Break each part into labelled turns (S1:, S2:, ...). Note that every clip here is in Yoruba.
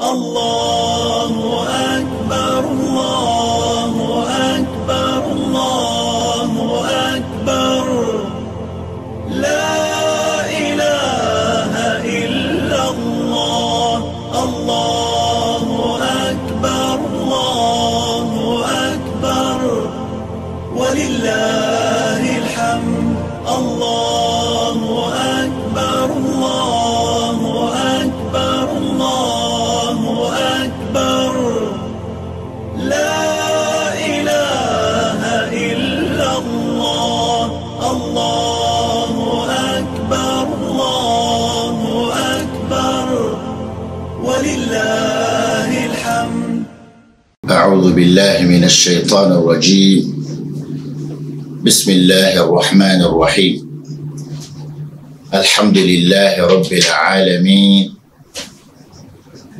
S1: الله أكبر
S2: بالله من الشيطان الرجيم بسم الله الرحمن الرحيم الحمد لله رب العالمين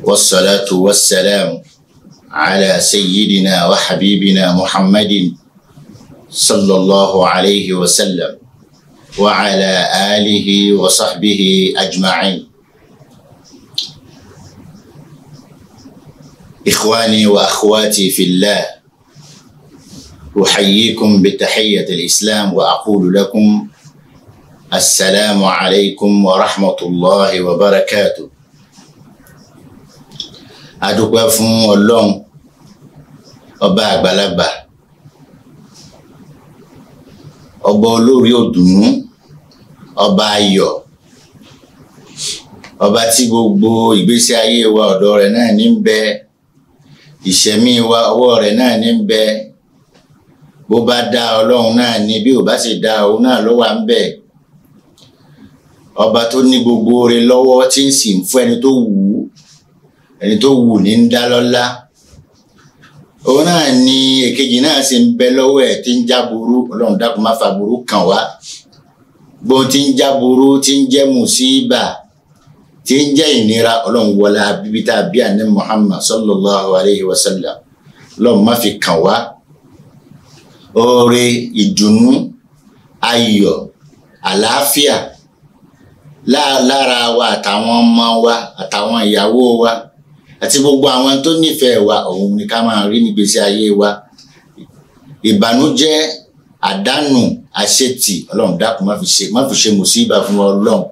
S2: والصلاة والسلام على سيدنا وحبيبنا محمد صلى الله عليه وسلم وعلى آله وصحبه أجمعين إخواني وأخواتي في الله أحييكم بتحية الإسلام وأقول لكم السلام عليكم ورحمة الله وبركاته adúpẹ́ fún ọlọ́run ọba àgbàlagbà ọba olórí òdùnnú ọba ayọ̀ ọba tí gbogbo ìgbésí ayé wa ọ̀dọ̀ rẹ̀ náà ní bẹ́ẹ̀ ìṣẹ̀mí wa ọwọ́ rẹ̀ náà ní ń bẹ bó bá dá ọlọ́run náà ni bí ò bá sì dá òun náà ló wà ń bẹ ọba tó ní gbogbo oore lọ́wọ́ tí ń sì ń fún ẹni tó wù ú ẹni tó wù ní ń dá lọ́lá òun náà ni èkejì náà sì ń bẹ lọ́wọ́ ẹ̀ tí ń já ọlọ́run dákun má fa burú kàn wá gbóhun tí ń já burú tí ń jẹ́ mùsíbà. Si tí ń jẹ́ ìnira ọlọ́run wọlé bíbí tá a bí àní Muhammad sallallahu alayhi wa sallam lọ́run má fi kàn wá oore ìdùnnú ayọ̀ àlàáfíà lára wa àtàwọn ọmọ wa àtàwọn ìyàwó wa àti gbogbo àwọn tó nífẹ̀ẹ́ wa òun ni ká máa rí nígbésí ayé wa ìbànújẹ́ àdánù àṣetì ọlọ́run dákun má fi ṣe mùsíbà fún ọlọ́run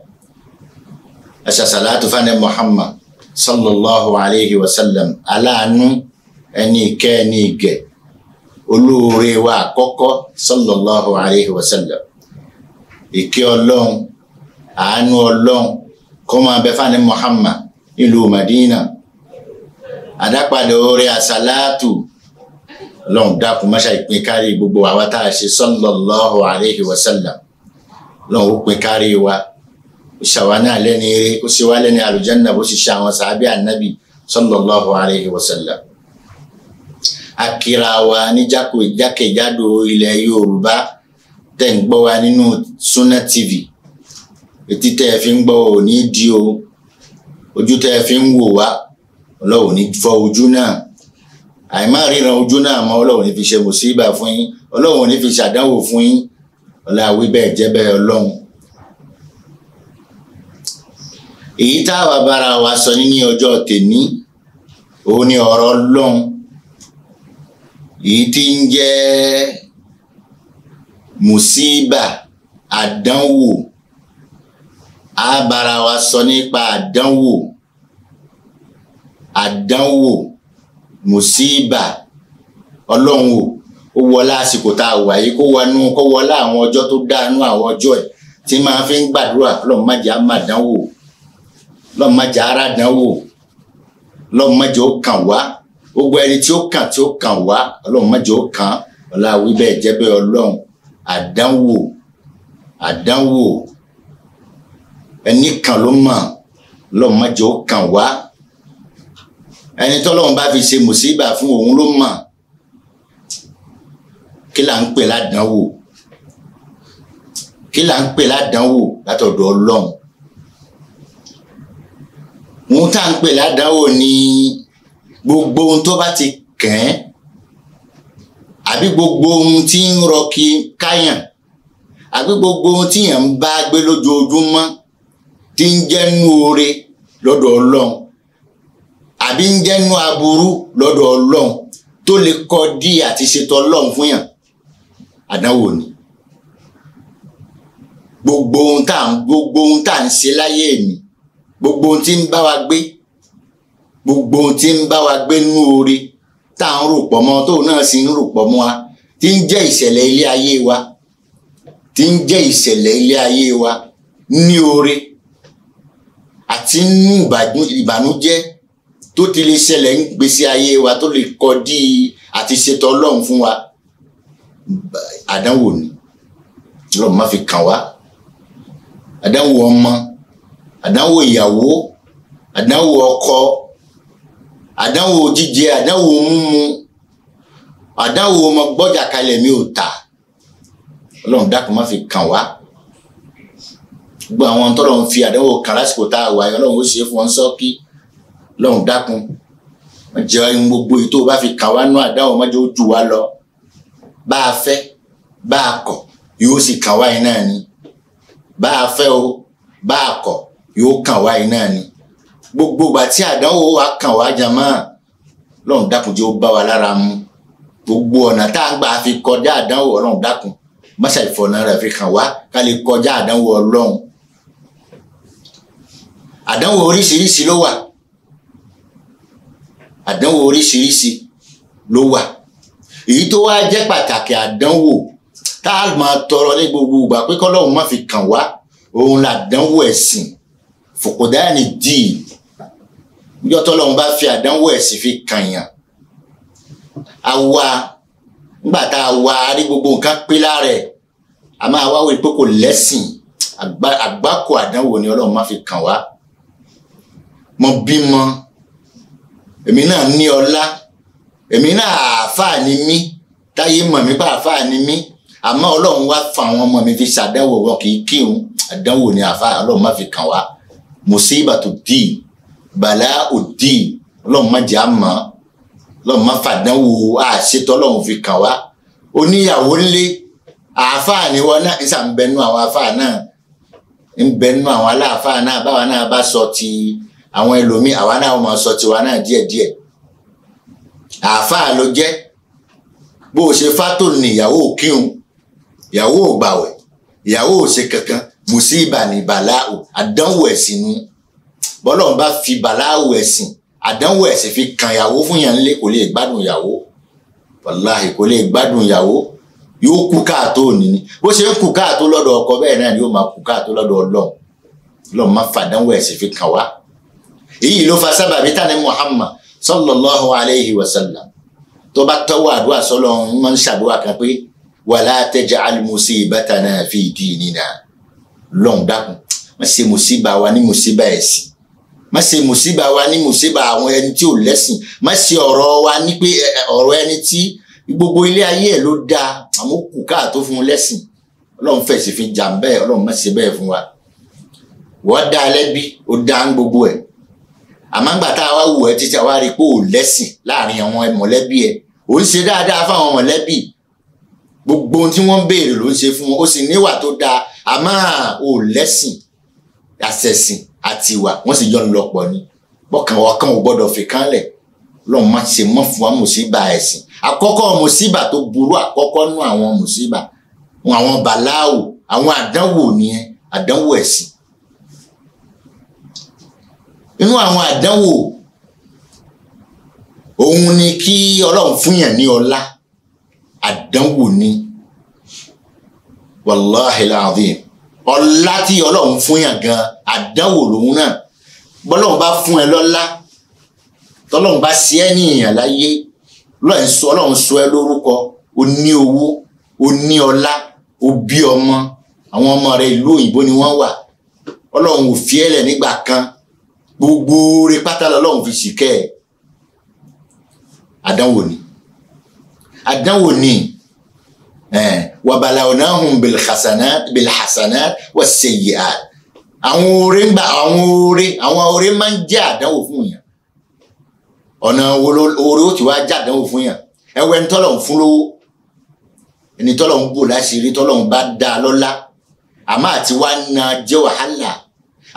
S2: aṣàṣàlátù fún anabi muhammad sallallahu alayhi wa sallam aláàánú ẹni ìkẹ́ ẹni ìgẹ̀ olóore wa àkọ́kọ́ sallallahu alayhi wa sallam ìkẹ́ ọlọ́run àánú ọlọ́run kó máa bẹ fún anabi muhammad nílùú madina àdápadà oore àṣàlátù lọ́n dákun máṣá ìpín kárí gbogbo àwa tá a ṣe sallallahu alayhi wa sallam lọ́n ó pín kárí wa ó ṣàwa náà lẹ́ni eré ó ṣe wá lẹ́ni àlùjánnà bó ṣe ṣe àwọn sàábì ànábì sallallahu alayhi wa sallam. akira wa ní jákèjádò ilẹ̀ yorùbá tẹ̀ ń gbọ́ wa nínú Sunna TV etí tẹ́ ẹ fi ń gbọ́ ò ní di o ojú tẹ́ ẹ fi ń wò wá ọlọ́run ní fọ ojú náà àìmá ríran ojú náà mọ́ ọlọ́run ní fi ṣe mùsíbà fún yín ọlọ́run ní fi ṣàdánwò fún yín ọlá wíbẹ̀ jẹ́ ọlọ́run èyí tá àwa bára wa sọ ní ní ọjọ́ tèmi òun ni ọ̀rọ̀ Ọlọ́run èyí tí ń jẹ́ mùsíbà àdánwò a bára wa sọ nípa àdánwò àdánwò mùsíbà Ọlọ́run o ó wọlá àsìkò tá a wà yìí kó wọnú kó wọlá àwọn ọjọ́ tó dáa nú àwọn ọjọ́ ẹ̀ tí máa fi ń gbàdúrà Ọlọ́run má jẹ́ dánwò lọ́mọdé ara dán wò lọ́mọdé ó kàn wá gbogbo ẹni tí ó kàn tí ó kàn wá ọlọ́mọdé ó kàn ọlá wí bẹ́ẹ̀ jẹ́ bẹ́ẹ̀ ọlọ́run àdánwò àdánwò ẹni kan ló mọ̀ lọ́mọdé ó kàn wá ẹni tọ́lọ́run bá fi ṣe mùsíbà fún òun ló mọ̀ kí là ń pè ládánwò kí là ń pè ládánwò látọ̀dọ̀ ọlọ́run ohun tá à ń pè ládàáwò ni gbogbo ohun tó bá ti kàn án àbí gbogbo ohun tí ń rọ kí káyàn àbí gbogbo ohun tí yàn ń bá gbé lójoojúmọ́ tí ń jẹ́nu oore lọ́dọ̀ Ọlọ́run àbí ń jẹ́nu aburú lọ́dọ̀ Ọlọ́run tó lè kọ́ dí àti ṣètò Ọlọ́run fún yàn àdánwò ni gbogbo ohun tá à ń ṣe láyé ni gbogbo ohun tí ń bá wa gbé gbogbo ohun tí ń bá wa gbé nínú oore tá à ń rò pọ̀ mọ́ tóun náà sì ń rò pọ̀ mọ́ wa tí ń jẹ́ ìṣẹ̀lẹ̀ ilé ayé wa tí ń jẹ́ ìṣẹ̀lẹ̀ ilé ayé wa ní oore àti nínú ìbànújẹ́ tó ti lè ṣẹlẹ̀ ń gbèsè ayé wa tó lè kọdí àti ṣètò ọlọ́run fún wa àdánwò ni ọlọ́run má fi kàn wá àdánwò ọmọ àdánwò ìyàwó àdánwò ọkọ àdánwò jíjẹ àdánwò mímu àdánwò ọmọ gbọ́jà kalẹ̀ mi ò tà ọlọ́run dákun má fi kàn wá gbogbo àwọn tọ́lọ̀ ń fi àdánwò kan lásìkò tá a wà yẹn ọlọ́run ó ṣe é fún wọn sọ́kí ọlọ́run dákun wọ́n jẹ́ ohun gbogbo yìí bá fi kàn wá nú àdánwò mọ́jọ́ ó jù wá lọ bá a fẹ́ bá a kọ̀ yóò sì kàn wá yẹn náà ni bá a fẹ́ o bá a kọ̀ yóò kàn wá yìí náà ni gbogbo ìgbà tí àdánwò wa kàn wá jàmọ́ lọ́run dákun jẹ́ ó bá wa lára mu gbogbo ọ̀nà tá a gbà fi kọjá àdánwò ọlọ́run dákun mọ́ṣá ìfọ̀nà rẹ̀ fi kàn wá ká lè kọjá àdánwò ọlọ́run àdánwò oríṣiríṣi ló wà àdánwò oríṣiríṣi ló wà èyí tó wá jẹ́ pàtàkì àdánwò tá a máa tọrọ ní gbogbo ìgbà pé kọ́lọ́run má fi kàn wá òun làdánwò ẹ̀sìn fòkòdáàní díì níjọ́ tọ́lọ́run bá fi àdánwò ẹ̀sìn fi kàyàn àwa nígbà tá a wá a rí gbogbo nǹkan pé lára ẹ̀ a máa wá wípé kò lẹ́sìn àgbákò àdánwò ni ọlọ́run má fi kàn wá mo bímọ èmi náà ní ọlá èmi náà àáfàá ni mí táyé mọ̀ mí bá àáfàá ni mí àmọ́ ọlọ́run wá fa àwọn ọmọ mi fi ṣàdánwò wọn kì í kírun àdánwò ni àáfàá ọlọ́run má fi kàn wá musibatu dín bàlá òdín ọlọ́run má jẹ́ àmọ́ ọlọ́run má fàdánwò àṣetọ́ ọlọ́run fi kàn wá oníyàwó ńlé àáfàá ni wọn náà ìsà ń bẹnu àwọn àáfàá náà ń bẹnu àwọn aláàfàá náà báwa náà bá sọ ti àwọn ẹlòmíì àwa náà máa sọ tiwa náà díẹ̀díẹ̀ àáfàá ló jẹ́ bó o ṣe fátò ní ìyàwó òkíhun ìyàwó ògbàwẹ̀ ìyàwó kankan mùsíbà ní bàláwò àdánwò ẹ̀sìn nu bọ́lọ̀ ń bá fi bàláwò ẹ̀sìn àdánwò ẹ̀sìn fi kàn yàwó fún yàn lé kò lè gbádùn yàwó wàláhì kò lè gbádùn yàwó yóò kú káàtó òní ni bó ṣe ń kú káàtó lọ́dọ̀ ọkọ bẹ́ẹ̀ náà yóò máa kú káàtó lọ́dọ̀ ọlọ́run ọlọ́run má fàdánwò ẹ̀sìn fi kàn wá èyí ló fa sábàbí tani Muhammad sallallahu alayhi wa sallam tó bá tọ́wọ́ àdúrà sọ́lọ́run máa ń ṣàdúrà kan pé wala taj'al musibatana fi dinina lọ́hùn dákun ma se musiba wa musiba mùsíbà ẹ̀sìn má ṣe mùsíbà wa ní mùsíbà àwọn ẹni tí ò lẹ́sìn má ṣe ọ̀rọ̀ wa ní pé ọ̀rọ̀ ẹni tí gbogbo ilé ayé ẹ̀ ló dáa àmọ́ kù káà tó fún un lẹ́sìn ọlọ́run fẹ̀sì fi jà bẹ́ẹ̀ ọlọ́run má ṣe bẹ́ẹ̀ fún wa wọ́n dá a lẹ́bi ó dá ń gbogbo ẹ̀ àmọ́ ńgbà tá a wá wù ẹ́ títí a wá rí i pé ò láàrin àwọn mọ̀lẹ́bí ẹ̀ ò ń ṣe dáadáa fáwọn mọ̀lẹ́bí gbogbo ohun tí wọ́n béèrè ló ń ṣe fún wọn ó sì níwà tó dáa àmọ́ ò lẹ́sìn àṣẹ̀sìn àti ìwà wọ́n sì yọnu lọ́pọ̀ ni bọ́kàn ọkàn ò gbọ́dọ̀ fi kánlẹ̀ lọ́n má ṣe mọ́ fún wa mùsíbà ẹ̀sìn àkọ́kọ́ mùsíbà tó burú àkọ́kọ́ nú àwọn mùsíbà àwọn bàláwò àwọn àdánwò nìyẹn àdánwò ẹ̀sìn inú àwọn àdánwò òun ni kí ọlọ́run fúnyàn ní ọlá àdánwò ni wàláhìí làdìm ọlá tí ọlọ́run fún yàn gan àdánwò lòun náà bọ́lọ́run bá fún ẹ lọ́lá tọ́lọ́run bá sí ẹ́ ní ìyàn láyé lọ́run sọ ọlọ́run sọ ẹ lórúkọ o ní owó o ní ọlá o bí ọmọ àwọn ọmọ rẹ ìlú òyìnbó ni wọ́n wà ọlọ́run ò fi ẹ́lẹ̀ nígbà kan gbogbo rẹ pátá lọ́lọ́run fi sì kẹ́ ẹ̀ àdánwò ni àdánwò ni. Eh, wabalawunahum bilhasanat بالحسنات والسيئات àwọn oore ń gba àwọn oore àwọn oore máa ń jẹ́ àdánwò fún yàn ọ̀nà oore ó ti wá jẹ́ àdánwò fún yàn ẹwẹ́ ń tọ́lọ̀ ń fún lówó ẹni tọ́lọ̀ ń bò láṣìírí tọ́lọ̀ ń bá dá a lọ́lá àmọ́ àti wá na jẹ́ wàhálà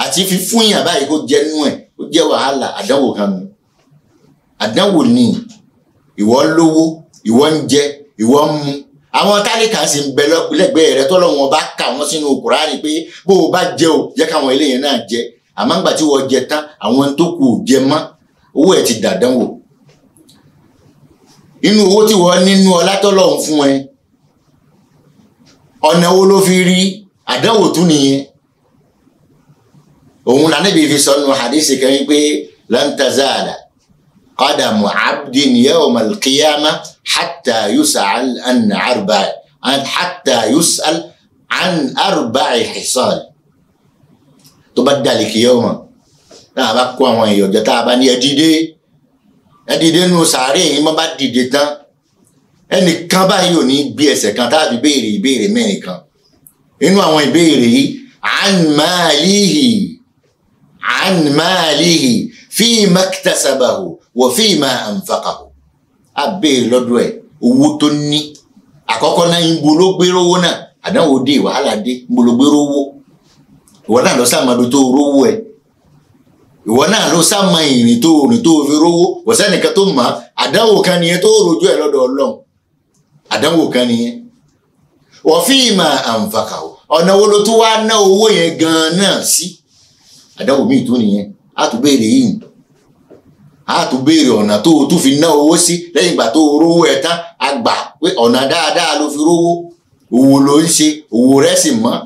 S2: àti fífún yàn báyìí kó jẹ́ nú ẹ̀ ó jẹ́ wàhálà àdánwò kan nù àdánwò ni ìwọ lówó ìwọ ń jẹ ìwọ ń mu àwọn tálíkà sì ń bẹ lẹ́gbẹ̀ẹ́ rẹ tọ́lọ́wọ́n bá kà wọ́n sínú kùránì pé bó o bá jẹ o jẹ́ káwọn eléyìí náà jẹ àmọ́ ńgbà tí wọ́n jẹ tán àwọn tó kù jẹ mọ́ owó ẹ̀ ti dàdán wò inú owó tí wọ́n nínú ọlá tọ́lọ́run fún ẹ ọ̀nà wo ló fi rí àdánwò tún nìyẹn òun la fi sọnù hadisi kan pé lan tazala qadamu abdin yawmal qiyamah. حتى يسأل عن أربع عن حتى يسأل عن أربع حصال tó bá dàlí kí yẹ wọn tá a bá kó àwọn èèyàn jọ tá a bá ní ẹ dìde ẹ dìde nù sàárè yìí má bá dìde tán ẹnìkan báyìí ò ní gbé ẹsẹ̀ kan tá a fi béèrè ìbéèrè mẹ́rin kan inú àwọn ìbéèrè yìí an malihi an malihi fi maktasabahu wa á béèrè lọ́dọ̀ ẹ̀ owó tó ní àkọ́kọ́ náà ń bo ló gbéró owó náà àdánwò dé wàhálà dé ń bo ló gbéró owó ìwọ náà lọ sàmọ́dọ̀ tó rówó ẹ̀ ìwọ náà ló sàmọ́ ìrìn tó rìn tó fi rówó wọ̀sẹ́nìkan tó mọ̀ àdánwò kan nìyẹn tó rojú ẹ̀ lọ́dọ̀ ọlọ́run àdánwò kan nìyẹn wọ́fíìmà àǹfàkàwọ̀ ọ̀nà wo ló tún wá ná owó yẹn gan-an náà sí àdánwò míì tún nìyẹn á yìí á ọ̀nà tó tún fi ná owó sí lẹ́yìn ìgbà tó rówó ẹ̀ tán a gbà pé ọ̀nà dáadáa ló fi rówó òwò ló ń ṣe òwò rẹ̀ sì mọ́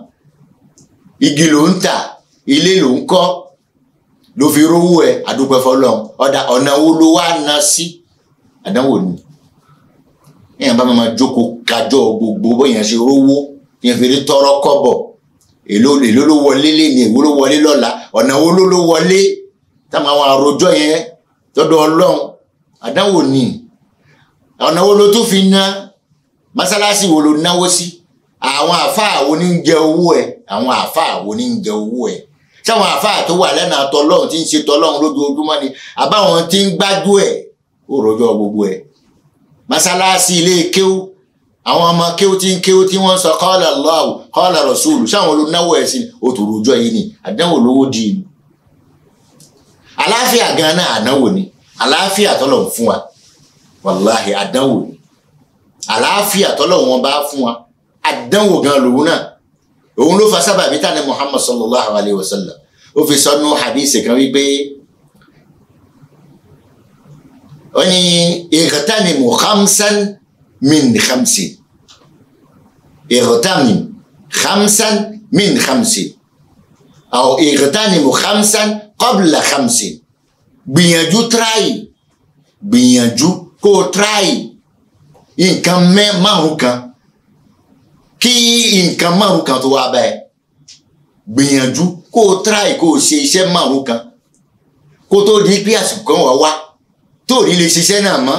S2: igi ló ń tà ilé ló ń kọ́ ló fi rówó ẹ̀ àdúpẹ́ fọlọ́run ọ̀dà ọ̀nà wo ló wá na sí àdánwò ni èèyàn bá máa jókòó kájọ gbogbo bóyá ṣe rówó èèyàn fi rí tọrọ kọ́bọ̀ èló ló wọlé lẹ́ni èwo ló wọlé lọ́la ọ̀nà wo ló ló wọlé táwọn àwọn àròjọ yẹn tọ́dọ̀ ọlọ́run àdánwò ni ọ̀nà wo lo tún fi ná mọ́sálásí wo lo náwó sí àwọn àáfàá wo ní ń jẹ owó ẹ̀ àwọn àáfàá wo ní ń jẹ owó ẹ̀ sáwọn àáfàá tó wà lẹ́nà àtọ́lọ́hún tí ń ṣe tọ́lọ́hún lójoojúmọ́ ni àbáwọn tí ń gbájú ẹ̀ ó rọjọ́ gbogbo ẹ̀ mọ́sálásí ilé kéwú àwọn ọmọ kéwú tí ń kéwú tí wọ́n sọ kọ́ọ̀lá lọ́wọ́ kọ́ọ̀lá rọ̀ṣúlù sáwọn olùnáwó ẹ̀ sí o tó rojọ́ yìí ni àdánwò lówó di ìlú àláfíà gan náà ànáwò wàláhì àdánwò ni àlàáfíà tọ́lọ́wọ́n bá fún wa àdánwò gan lòun náà òun ló fa sábàbí tani Muhammad sallallahu alayhi wa sallam ó fi sọnù hadith kan wípé ó ní ìrìtánimù hamsan min hamsin ìrìtánimù hamsan min hamsin àwọn ìrìtánimù hamsan qabla hamsin gbìyànjú tíráyì gbìyànjú kó o try nǹkan mẹ́ márùn kan kí nǹkan márùn kan tó wá bá ẹ gbìyànjú kó o try kó o ṣe iṣẹ́ márùn kan kó tó di pé àsìkò kan wà wá tó rí lè ṣiṣẹ́ náà mọ́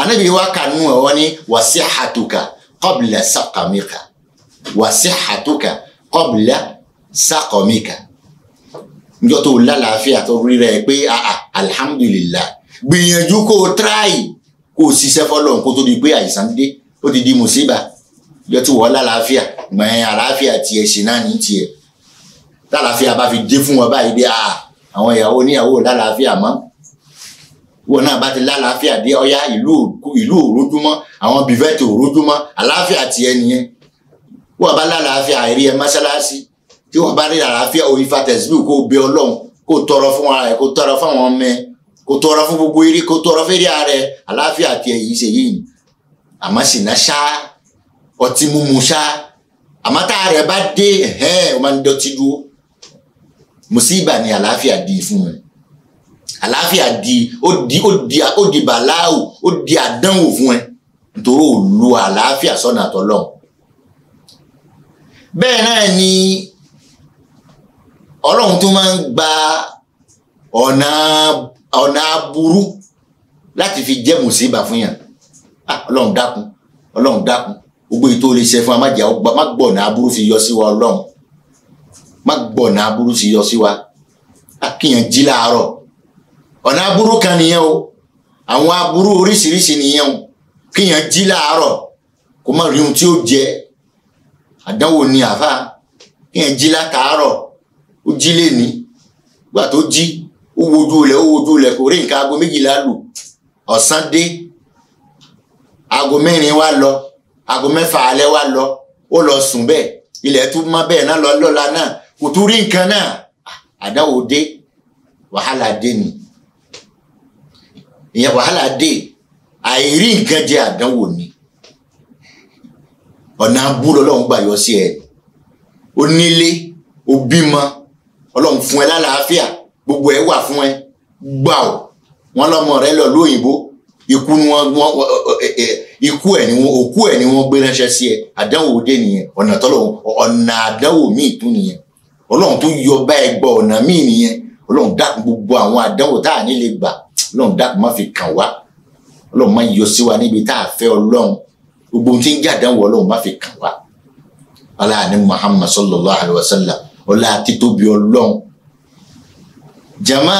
S2: anabi wa kanu ẹ̀ wọ́n ní wasihatuka qabla saqamika wasihatuka qabla saqamika njọ́ tó lálàáfíà tó rí rẹ̀ pé alhamdulillah gbìyànjú kó o tíráì kó o ṣiṣẹ́ fọlọ́run kó tó di pé àìsàn dé ó ti di mùsíbà yọ tí wọ́n lálàáfíà gbọ̀nyẹn àlàáfíà tiẹ̀ ṣe náà ní tiẹ̀ lálàáfíà bá fi dé fún wọn báyìí bí ah, àwọn ìyàwó oníyàwó lálàáfíà mọ́ wọn náà bá ti lálàáfíà dé ọyá ìlú ìlú òrójúmọ́ àwọn bìvẹ́tì òrójúmọ́ àlàáfíà tiẹ̀ nìyẹn wọ́n bá lálàáfíà àìrí ẹ mọ́ṣáláṣí tí wọ́n bá rí àlàáfíà orí fatẹ̀síbù kó o bẹ ọlọ́run kó o tọrọ fún ara rẹ kó o tọrọ fún àwọn ọmọ ẹ kó tọrọ fún gbogbo eré kó tọrọ fún eré ààrẹ àláfíà àti ẹ̀yìn ṣe yìí àmọ́ ṣìnà ṣá ọtí mímu ṣá àmọ́ tá a rẹ̀ bá dé ẹ̀hẹ́n o máa ń dọtí dúró mùsíbà ni àláfíà di fún wọn àláfíà di ó di ó di ó di bàláwò ó di àdánwò fún ẹ nítorí ò lu àláfíà sọ́nà àtọ́lọ́hún bẹ́ẹ̀ náà ni ọlọ́run tó máa ń gba ọ̀nà ọ̀nà aburú láti fi jẹ́ mùsíbà fún yàn ah, ọlọ́run dákun ọlọ́run dákun gbogbo ètò olè ṣe fún wa má jẹ́ ọgbà má gbọ̀nà aburú fi yọ sí wa ọlọ́run má gbọ̀nà aburú fi yọ sí wa akíyàn jí láàárọ̀ ọ̀nà aburú kan nìyẹn o àwọn aburú oríṣiríṣi nìyẹn o kíyàn jí láàárọ̀ kó má rí ohun tí ó jẹ àdánwò ni àfa kíyàn jí látàárọ̀ ó jí lé ní gbà tó jí ó wojú lẹ̀ ó wojú lẹ̀ kò rí nǹkan aago méjìlá lù ọ̀sán dé aago mẹ́rin wá lọ aago mẹ́fà alẹ́ wá lọ ó lọ sùn bẹ́ẹ̀ ilẹ̀ tún mọ́ bẹ́ẹ̀ náà lọ lọ́la náà kò tún rí nǹkan náà àdáwò dé wàhálà dé ni ìyẹn wàhálà dé àìrí nǹkan jẹ àdánwò ni ọ̀nà abú lọ́lọ́run gbà yọ sí ẹ onílé òbímọ ọlọ́run fún ẹ lálàáfíà. La gbogbo ẹ wà fún ẹ gbà ọ wọn lọmọ rẹ lọ lóyìnbó ikú ni wọn ikú ẹ ni wọn òkú ẹ ni wọn gbé ránṣẹ́ sí ẹ àdánwò dé nìyẹn ọ̀nà tọ́lọ̀ ọ̀nà àdánwò míì tún nìyẹn ọlọ́run tó yọ báyìí gbọ́ ọ̀nà míì nìyẹn ọlọ́run dákun gbogbo àwọn àdánwò tá à ní lè gbà ọlọ́run dákun má fi kàn wá ọlọ́run má yọ sí wa níbi tá a fẹ́ ọlọ́run gbogbo tí ń jẹ́ àdánwò ọlọ́run má fi kàn wá. aláàánú Muhammad sallallahu alayhi wa sallam ọlá títóbi ọlọ́run jama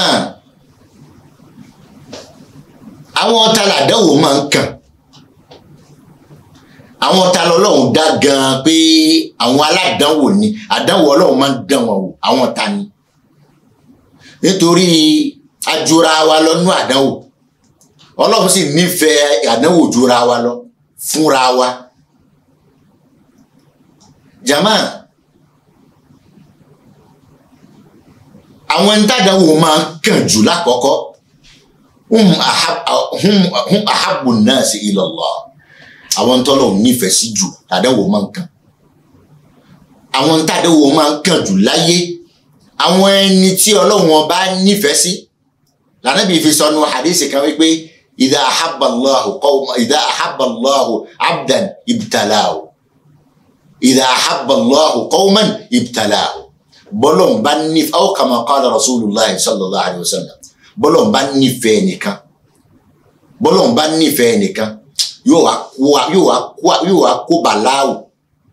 S2: àwọn ọ̀tá làdánwò máa ń kàn àwọn ọ̀tá lọ́lọ́run dá gan-an pé àwọn aládánwò ni àdánwò ọlọ́run máa ń dán wọn wò àwọn ọ̀tá ni nítorí ajura wa lọ nú àdánwò ọlọ́run sì nífẹ̀ẹ́ àdánwò jura wa lọ fúnra wa jama àwọn ntàdánwò máa ń kàn jù lákọ̀ọ́kọ́ hum ahabu nasi ila Allah àwọn ntọ́lọ̀ nífẹ̀ẹ́ sí jù tàdánwò máa ń kàn àwọn ntàdánwò máa ń kàn jù láyé àwọn ẹni tí ọlọ́run ọba nífẹ̀ẹ́ sí lànàbí fi sọnù hadisi kan wípé ìdá ahaballahu qawma ìdá ahaballahu abdan ibtalahu ìdá ahaballahu qawman ibtalahu bọ́lọ̀n bá ní aw kama qala rasulillah sallallahu alayhi wa sallam bọ́lọ̀n bá nífẹ̀ẹ́ nìkan bọ́lọ̀n bá nífẹ̀ẹ́ nìkan yóò wá kó bàláwò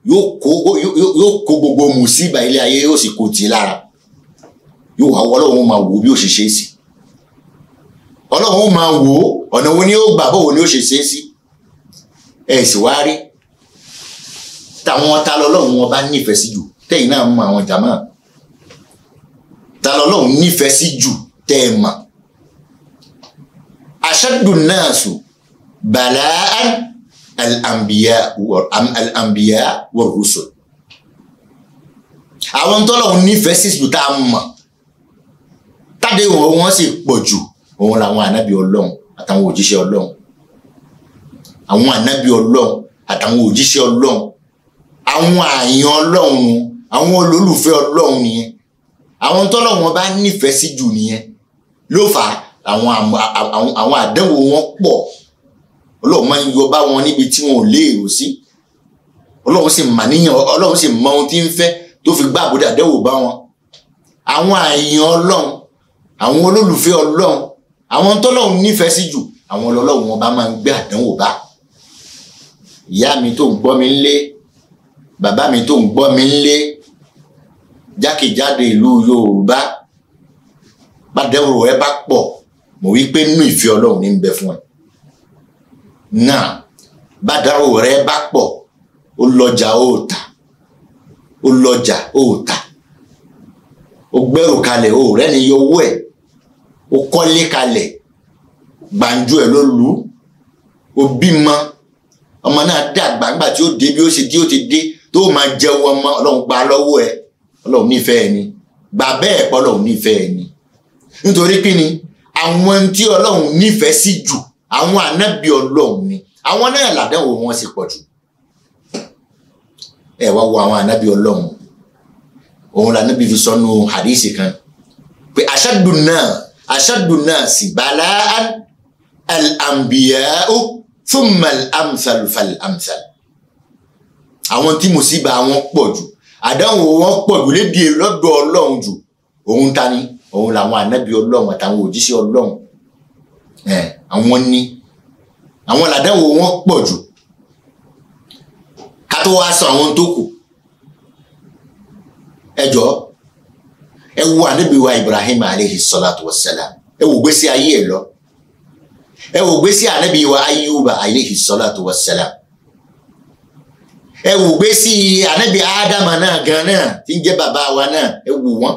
S2: yóò kó gbogbo mùsíbà ilé ayé yóò sì kó tì í lára yóò wá ọlọ́run máa wò bí ó ṣe ṣe é sí ọlọ́run máa wò ó ọ̀nà wo ni ó gbà bọ́wọ́ ni ó ṣe ṣe é sí ẹ̀ sì wá rí tàwọn ta lọ́lọ́run wọn bá nífẹ̀ẹ́ sí jù tẹ́yìn náà mú àwọn jàmáà ta lọ́lọ́run nífẹ̀ẹ́ sí jù tẹ́ ẹ mọ̀ ashaddu nnasu bala'an al-anbiya al-anbiya wa rusul àwọn tọ́lọ́run nífẹ̀ẹ́ sí jù tá a mọ̀ tádé wọn sì pọ̀ jù òun làwọn ànábì ọlọ́run àtàwọn òjíṣẹ́ ọlọ́run àwọn ànábì ọlọ́run àtàwọn òjíṣẹ́ ọlọ́run àwọn àyàn ọlọ́run àwọn olólùfẹ́ ọlọ́run nìyẹn àwọn tọ́lọ̀ wọn bá nífẹ̀ẹ́ sí jù nìyẹn ló fà á àwọn àdánwò wọn pọ̀ ọlọ́run máa ń yọ bá wọn níbi tí wọn ò léèrò sí ọlọ́run sì mà níyàn ọlọ́run sì mọ ohun tí ń fẹ́ tó fi gbá àbúdá àdánwò bá wọn àwọn àyàn ọlọ́run àwọn olólùfẹ́ ọlọ́run àwọn tọ́lọ́run nífẹ̀ẹ́ sí jù àwọn ọlọ́run wọn bá máa ń gbé àdánwò bá ìyá mi tó ń gbọ́ mi ń lé bàbá mi tó ń gbọ́ mi ń lé jákèjádò ìlú yorùbá bàdẹ́wò ẹ bá pọ̀ mo wí pé nínú ìfẹ́ ọlọ́run ní bẹ fún ẹ náà bàdẹ́wò rẹ bá pọ̀ ó lọ́jà ó tà ó lọ́jà ó tà ó gbẹ́rù kalẹ̀ ó rẹ́ni yọ owó ẹ̀ ó kọ́lé kalẹ̀ gbàǹjo ẹ̀ ló lù ú ó bímọ ọmọ náà dàgbà nígbà tí ó dé bí ó ṣe dé ó ti dé tó máa jẹun ọmọ ọlọ́run gba lọ́wọ́ ẹ̀ ọlọ́run nífẹ̀ẹ́ ni gbà bẹ́ẹ̀ pọ̀ ọlọ́run nífẹ̀ẹ́ ni nítorí kí ni àwọn tí ọlọ́run nífẹ̀ẹ́ sí jù àwọn ànábì ọlọ́run ni àwọn náà làdánwò wọn sì pọ̀ jù ẹ wá wo àwọn ànábì ọlọ́run òun lànábì fi sọnù hadisi kan pé ashaddu náà ashaddu náà sì bala'an al-anbiya'u thumma al àwọn tí mo sì bá wọn pọ̀ jù àdáhùn wọn pọ̀ jù lédi lọ́dọ̀ ọlọ́run jù òun ta ni òun làwọn ànábì ọlọ́run àtàwọn òjíṣẹ́ ọlọ́run àwọn ní àwọn làdáhùn wọn pọ̀ jù ká tó wá sọ àwọn tó kù ẹ jọ ẹ wo ànábì wa Ibrahim aleyhi salatu wa salam ẹ wo gbèsè ayé ẹ lọ ẹ wo gbèsè ànábì wa Ayuba aleyhi salatu wa salam. Ewu wò pé sí ànábì ádámà náà gan náà tí ń bàbá wa náà ewu wọn,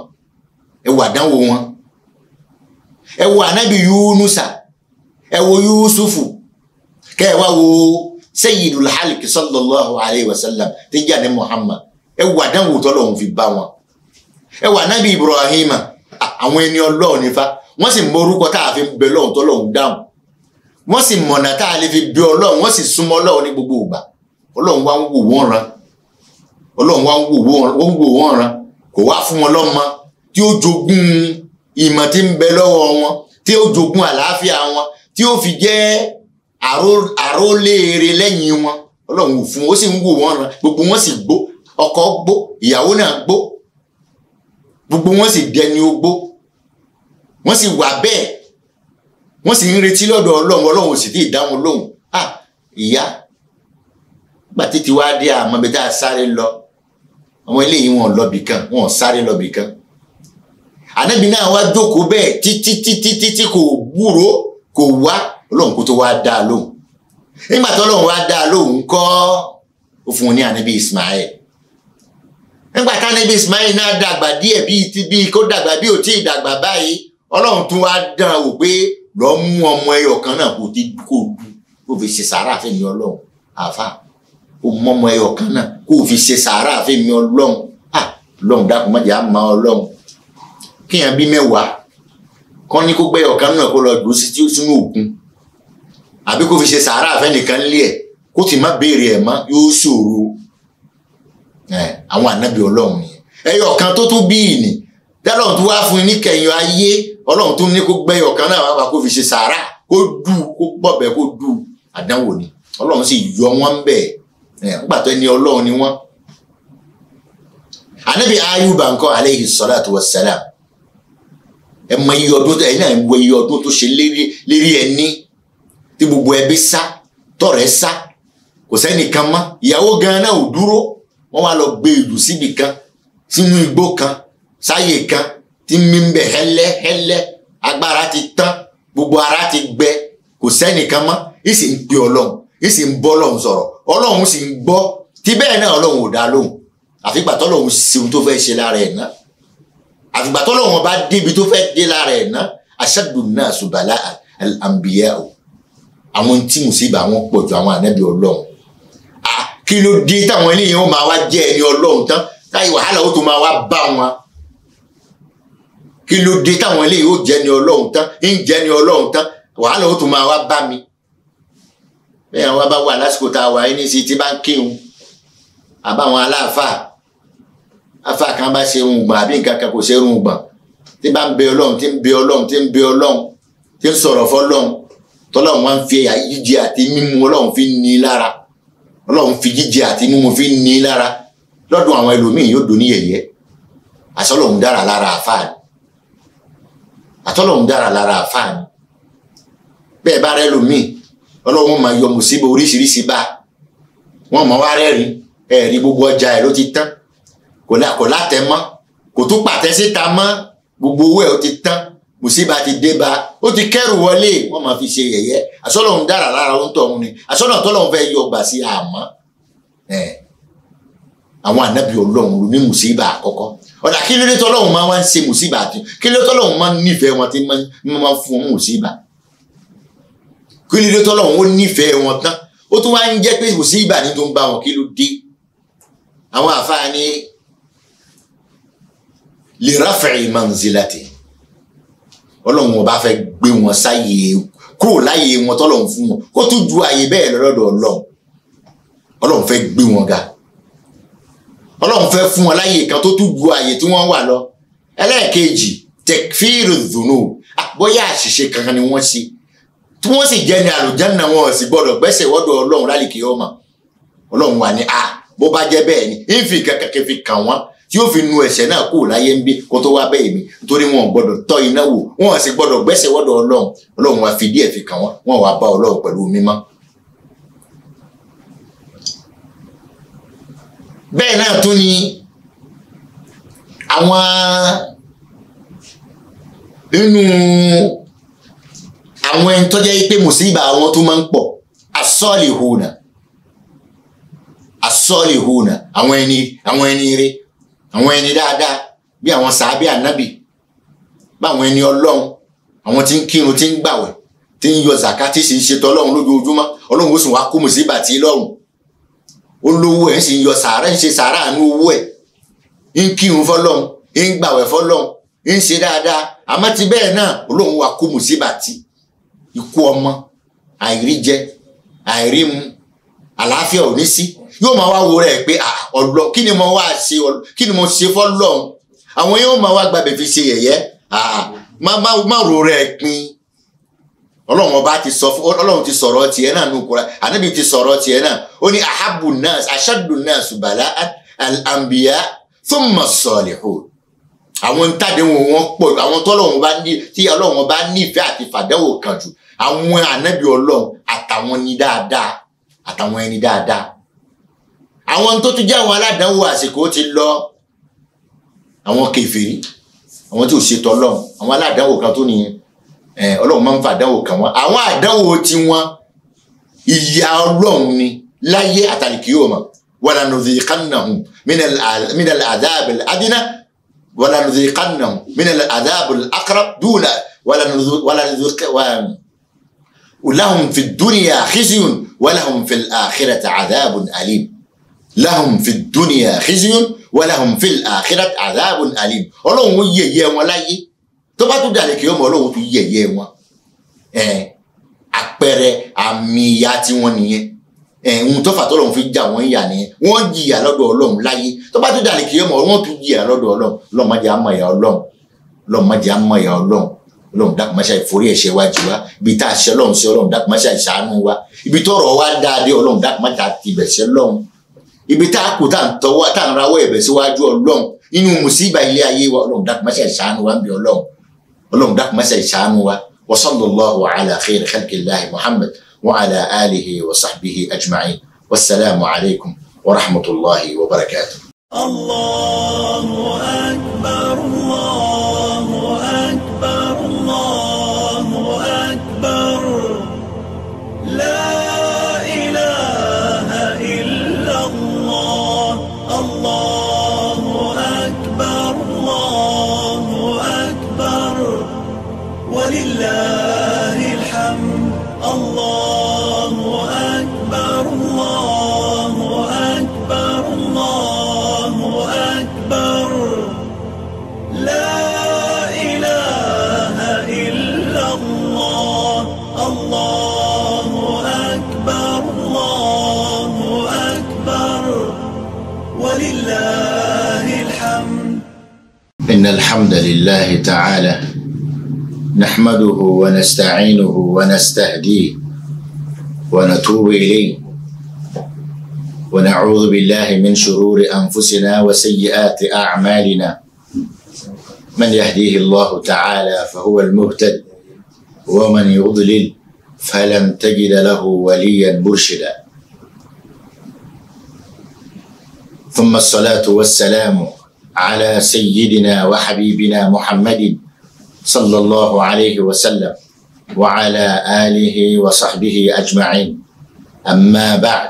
S2: wọ́n àdánwò wọn Ewu wò ànábì yúnúsà ẹ wò wo sallallahu alayhi wa sallam tí ń muhammad tọ́lọ̀ fi bá wọn Ewu anabi Ibrahim àwọn ẹni ọlọ́ọ̀ nífa wọ́n sì tá a fi bẹ dáhùn wọ́n sì fi ọlọ́run wá ń wò wọ́n ran ọlọ́run wá ń wò wọ́n ran kò wá fún wọn lọ́mọ tí ó jogún ìmọ̀ tí ń bẹ lọ́wọ́ wọn tí ó jogún àlàáfíà wọn tí ó fi jẹ́ àrólére lẹ́yìn wọn ọlọ́run ò fún ó sì ń wò wọ́n ran gbogbo wọn sì gbó ọkọ gbó ìyàwó náà gbó gbogbo wọn sì dẹni ogbó wọn sì wà bẹ́ẹ̀ wọn sì ń retí lọ́dọ̀ ọlọ́run ọlọ́run ò sì tí ì dá wọn lóhùn ah ìyá gbà títí wá dé àmọ́ ibi tá a sáré lọ ọmọ eléyìí wọn lọ bìkan wọn sáré lọ bìkan ànábì náà wá jókòó bẹ́ẹ̀ títí títí títí kò gbúrò kò wá ọlọ́run kó tó wá dá a lóhùn nígbà tó ọlọ́run wá dá a lóhùn kọ́ ó fún un ní ànábì Ismail nígbà tánábì Ismail náà dàgbà díẹ̀ bíi ti bíi kó dàgbà bí ò tí ì dàgbà báyìí ọlọ́run tún wá dán wò pé lọ́ọ́ mú ọmọ ẹyọ kan náà kó ti kó fi ṣe sàárà fẹ́mi ọlọ́run àáfàá o mọmọ ẹyọ kan náà kó o fi ṣe sàárà fẹmi Ọlọ́run ah Ọlọ́run dákun má jẹ́ àmọ Ọlọ́run kéèyàn bí mẹ́wàá kán ní kó gbé ẹyọ kan náà kó lọ dùn sí sínú òkun àbí kó fi ṣe sàárà fẹnìkan lé ẹ kó sì má béèrè ẹ mọ́ yóò ṣòro àwọn ànábì Ọlọ́run yẹn ẹyọ kan tó tún bí ìní dálọ́run tó wá fún yín níkẹyìn ayé Ọlọ́run tó ní kó gbé ẹyọ náà wá kó fi ṣe sàárà kó dù kó pọ̀bẹ kó dù àdánwò ni Ọlọ́run sì yọ wọ́n bẹ́ẹ̀ nígbà tó ní ọlọ́run ni wọ́n anabi ayuba ńkọ́ aleyhi salatu wa salam ẹ mọ iye ọdún tó ẹ náà wọ iye ọdún tó ṣe lérí ẹni tí gbogbo ẹbí sá tọrẹ sá kò sẹ́nìkan mọ́ ìyàwó gan náà ò dúró wọ́n wá lọ gbé ìlú síbi kan sínú igbó kan sáyè kan tí mi ń bẹ hẹ́lẹ́ hẹ́lẹ́ agbára ti tán gbogbo ara ti gbẹ kò sẹ́nìkan mọ́ ìsì ń pe ọlọ́run yìí sì ń bọ́ ọlọ́run sọ̀rọ̀ ọlọ́run sì ń gbọ́ tí bẹ́ẹ̀ náà ọlọ́run ò dá lóhùn àfìgbà tọ́lọ́run ṣe ohun tó fẹ́ ṣe lára ẹ̀ ná àfìgbà tọ́lọ́run bá débi tó fẹ́ dé lára ẹ̀ ná aṣáàdùn náà ṣùgbàlá àǹbíyá o àwọn tí mùsíbà wọn pọ̀ ju àwọn ànábì ọlọ́run kí ló dé táwọn eléyìí wọn máa wá jẹ́ ẹni ọlọ́run tán táyì wàhálà ó tó máa wá bá wọn kí ló dé táwọn eléyìí ó jẹ́ ẹni ọlọ́run tán ń jẹ́ ẹni ọlọ́run tán wàhálà ó tó máa wá bá mi bẹ́ẹ̀ àwọn bá wà lásìkò tá a wà yín nísìsiyìí tí bá ń kírun àbáwọn aláàfáà afa kan bá ṣe irun gbọ̀n àbí nǹkan kan kò ṣe irun gbọ̀n tí bá ń bẹ ọlọ́run tí ń bẹ ọlọ́run tí ń bẹ ọlọ́run tí ń sọ̀rọ̀ fọlọ́run tọ́lọ́run wá ń fi jíjẹ àti mímu ọlọ́run fi ní lára ọlọ́run fi jíjẹ àti mímu fi ní lára lọ́dún àwọn ẹlòmíì yóò dùn ní yẹ̀yẹ́ àtọ́lọ́run dára lára àfáàní àtọ́lọ́run dára lára àfáàní bẹ́ẹ̀ bá rẹ́ lòmíì ọlọ́run máa yọ mùsíbà oríṣiríṣi bá wọn mọ̀ wá rẹ́rìn ẹ̀rí gbogbo ọjà ẹ̀ ló ti tán kò látẹ mọ́ kò tún pàtẹ síta mọ́ gbogbo owó ẹ̀ ó ti tán mùsíbà ti dé bá ó ti kẹ́rù wọlé wọn máa fi ṣe yẹ̀yẹ́ àsọlọ́run dára lára ó ń tọ̀hún ni àsọlọ́run tọ́lọ́run fẹ́ yọ gbà sí àmọ́ àwọn ànábì ọlọ́run ló ní mùsíbà àkọ́kọ́ ọ̀dà kí ló dé tọ́lọ́run máa ń ṣe mùsíbà àti kí ló dé tọ́lọ́run máa ń nífẹ̀ẹ́ wọn tí máa ń fún mùsíbà kí ló dé tọ́lọ́run ó nífẹ̀ẹ́ wọn tán ó tún wá ń jẹ́ pé kò sí ìbàní tó ń bá wọn kí ló dé àwọn àfáà ní lè ráfẹ̀ manzilati ọlọ́run ọba fẹ́ gbé wọn sáyé kúrò láyé wọn tọ́lọ́run fún wọn kó tún ju àyè bẹ́ẹ̀ lọ́dọ̀ ọlọ́run ọlọ́run fẹ́ gbé wọn ga ọlọ́run fẹ́ fún wọn láyè kan tó tún ju àyè tí wọ́n wà lọ ẹlẹ́ẹ̀kejì tekfiru dhunub ah, bóyá àṣìṣe kankan ni wọ́n ṣe tí wọ́n sì jẹ́ ní àlùjánnà wọn sì gbọ́dọ̀ gbẹ́sẹ̀ wọ́dọ̀ ọlọ́run lálìkè ọmọ ọlọ́run wà ní a bó bá jẹ́ bẹ́ẹ̀ ni ìfì kẹ̀kẹ́ fi kàn wọ́n tí ó fi nu ẹ̀ṣẹ̀ náà kúrò láyé ń bí kó tó wá bẹ́ẹ̀ mi torí wọn gbọ́dọ̀ tọ́ iná wò wọn sì gbọ́dọ̀ gbẹ́sẹ̀ wọ́dọ̀ ọlọ́run ọlọ́run wá fi díẹ̀ fi kàn wọ́n wọn wá bá ọlọ́run pẹ̀lú mímọ́. bẹ́ẹ̀ náà tún ni àwọn nínú àwọn ẹni tó jẹ́ pé mùsíbà àwọn tó máa ń pọ̀ asọ́ọ̀lì hùnà asọ́ọ̀lì hùnà àwọn ẹni àwọn ẹni rere àwọn ẹni dáadáa bí àwọn sàábì ànábì báwọn ẹni ọlọ́run àwọn tí ń kírun tí ń gbàwẹ̀ tí ń yọ zaka tí sì ń ṣètò ọlọ́run lójoojúmọ́ ọlọ́run ó sì wá kó mùsíbà tí lọ́rùn olówó ẹ̀ ń sì ń yọ sàárà ń ṣe sàárà àánú owó ẹ̀ ń kírun fọlọ́run ń gbàwẹ̀ fọlọ́run ń ṣe dáadáa àmọ́ ti bẹ́ẹ̀ náà olóhùn wa kó mùsíbà tí ikú ọmọ àìríjẹ àìrímu àlàáfíà ò ní sí yóò máa wá wo rẹ̀ pé ọlọ kí ni mo wá ṣe kí ni mo ṣe fọ́lọ́run àwọn yóò máa wá gbàgbé fi ṣe yẹ̀yẹ́ má ro rẹ̀ pin ọlọ́run ọba ti sọ fún ọlọ́run ti sọ̀rọ̀ tiẹ̀ náà nù kúra ànábì ti sọ̀rọ̀ tiẹ̀ náà ó ní ahabu nas ashadu nas bala al-anbiya thumma salihun àwọn ntàdéhùn wọn pọ̀ àwọn tọ́lọ́run bá ní tí ọlọ́run bá nífẹ̀ẹ́ àti fàdánwò kan jù àwọn ànábì ọlọ́run àtàwọn ni dáadáa àtàwọn ẹni dáadáa àwọn tó tún jẹ́ àwọn aládàáwò àsìkò ti lọ àwọn kèfèrí àwọn tí ò ṣe tọlọ́run àwọn aládàáwò kan tó nìyẹn ọlọ́run máa ń fa àdánwò kan wọn àwọn àdánwò tiwọn ìyà ọlọ́run ni láyé àtàlìkìyọ̀mọ̀ wàlànàzìkànnàhùn mínà àdáàbẹ̀ adínà wàlànàzìkànnàhùn mínà àdáàbẹ̀ akara dùnà wàlànàzìkànnàhùn. ولهم في الدنيا خزي ولهم في الآخرة عذاب أليم لهم في الدنيا خزي ولهم في الآخرة عذاب أليم ọlọ́run yẹ̀yẹ́ wọn láyé tó bá tún dàlẹ́ kí ọmọ ọlọ́run tún yẹ̀yẹ́ wọn àpẹẹrẹ àmì ìyà tiwọn nìyẹn ohun tó fà tọ́lọ́run fi jà wọ́n yà nìyẹn wọ́n jìyà lọ́dọ̀ ọlọ́run láyé tó bá tún dàlẹ́ kí ọmọ ọlọ́run tún jìyà lọ́dọ̀ ọlọ́run lọ́mọdé àmọ̀ ìyà ọlọ́run lọ́mọdé àmọ̀ ìyà ọlọ́run ọlọ́run dákun má ṣe àìforí ẹ̀ṣẹ̀ wa jì wá ibi tá a ṣe ọlọ́run ṣe ọlọ́run dákun má ṣe àìṣàánú wa ibi tọrọ wa dáadé ọlọ́run dákun má ṣe àtibẹ̀ ṣe lọ́run ibi tá a kù tá à ń tọwọ́ tá à ń rawọ́ ẹ̀bẹ̀ síwájú ọlọ́run inú mùsíbà ilé ayé wa ọlọ́run dákun má ṣe àìṣàánú wa ń bẹ ọlọ́run ọlọ́run dákun má wa wa alaykum wa rahmatullahi wa barakatuh. allahu akbar allah.
S1: لله الحمد
S2: إن الحمد لله تعالى نحمده ونستعينه ونستهديه ونتوب إليه ونعوذ بالله من شرور أنفسنا وسيئات أعمالنا من يهديه الله تعالى فهو المهتد ومن يضلل فلن تجد له وليا مرشدا ثم الصلاة والسلام على سيدنا وحبيبنا محمد صلى الله عليه وسلم وعلى آله وصحبه أجمعين أما بعد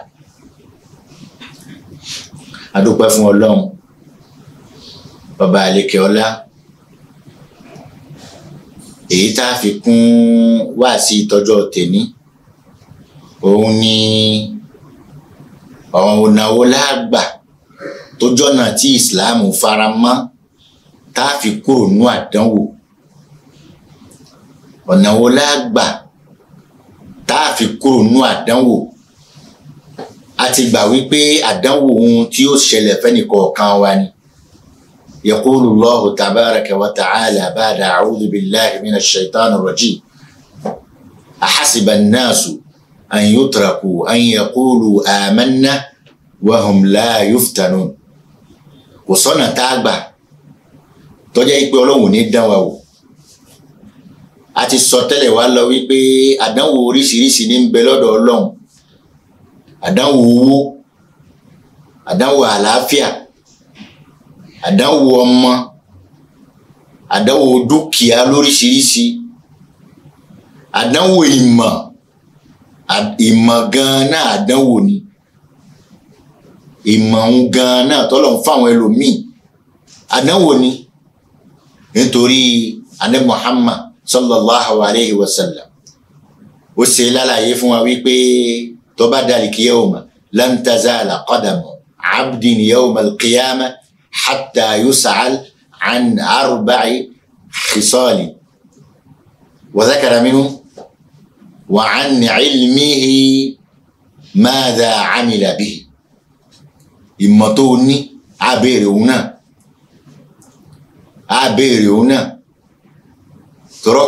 S2: adúpẹ́ fún ọlọ́run ọba àlekè ọlá èyí tá a أوني أو wá sí tó jọ́nà tí islam fara mọ́ tá a fi kúrò nú àdánwò ọ̀nà wo la gbà tá a fi kúrò nú àdánwò a ti gbà wípé àdánwò ohun tí ó ṣẹlẹ̀ fẹ́nìkọ̀ọ̀kan wa ni yaqulu Allahu tabaraka wa ta'ala ba'da a'udhu billahi minash shaitani rajim ahasiba an an yutraku an yaqulu amanna wa la yuftanun kò sọ́nà tá a gbà tọ́jà yìí pé ọlọ́run ò ní dán wa wò a ti sọ tẹ́lẹ̀ wá lọ wípé àdánwò oríṣiríṣi ní ń bẹ lọ́dọ̀ ọlọ́run àdánwò owó àdánwò àlàáfíà àdánwò ọmọ àdánwò dúkìá lóríṣiríṣi àdánwò ìmọ̀ ìmọ̀ gan-an náà àdánwò ni ìmọ̀ òun gan-an náà tọ́lọ̀ ń fáwọn ẹlòmíì àdánwò ni nítorí anabi Muhammad sallallahu alayhi wa sallam ó ṣe lálàyé fún wa wípé tó bá dàlíkì yawma lam tazala qadamu abdin yawma al-qiyamah hatta yus'al an arba'i khisali wa dhakara minhu wa an ilmihi madha amila bihi ìmọ̀ tó o ní á béèrè òun náà á béèrè òun náà tọrọ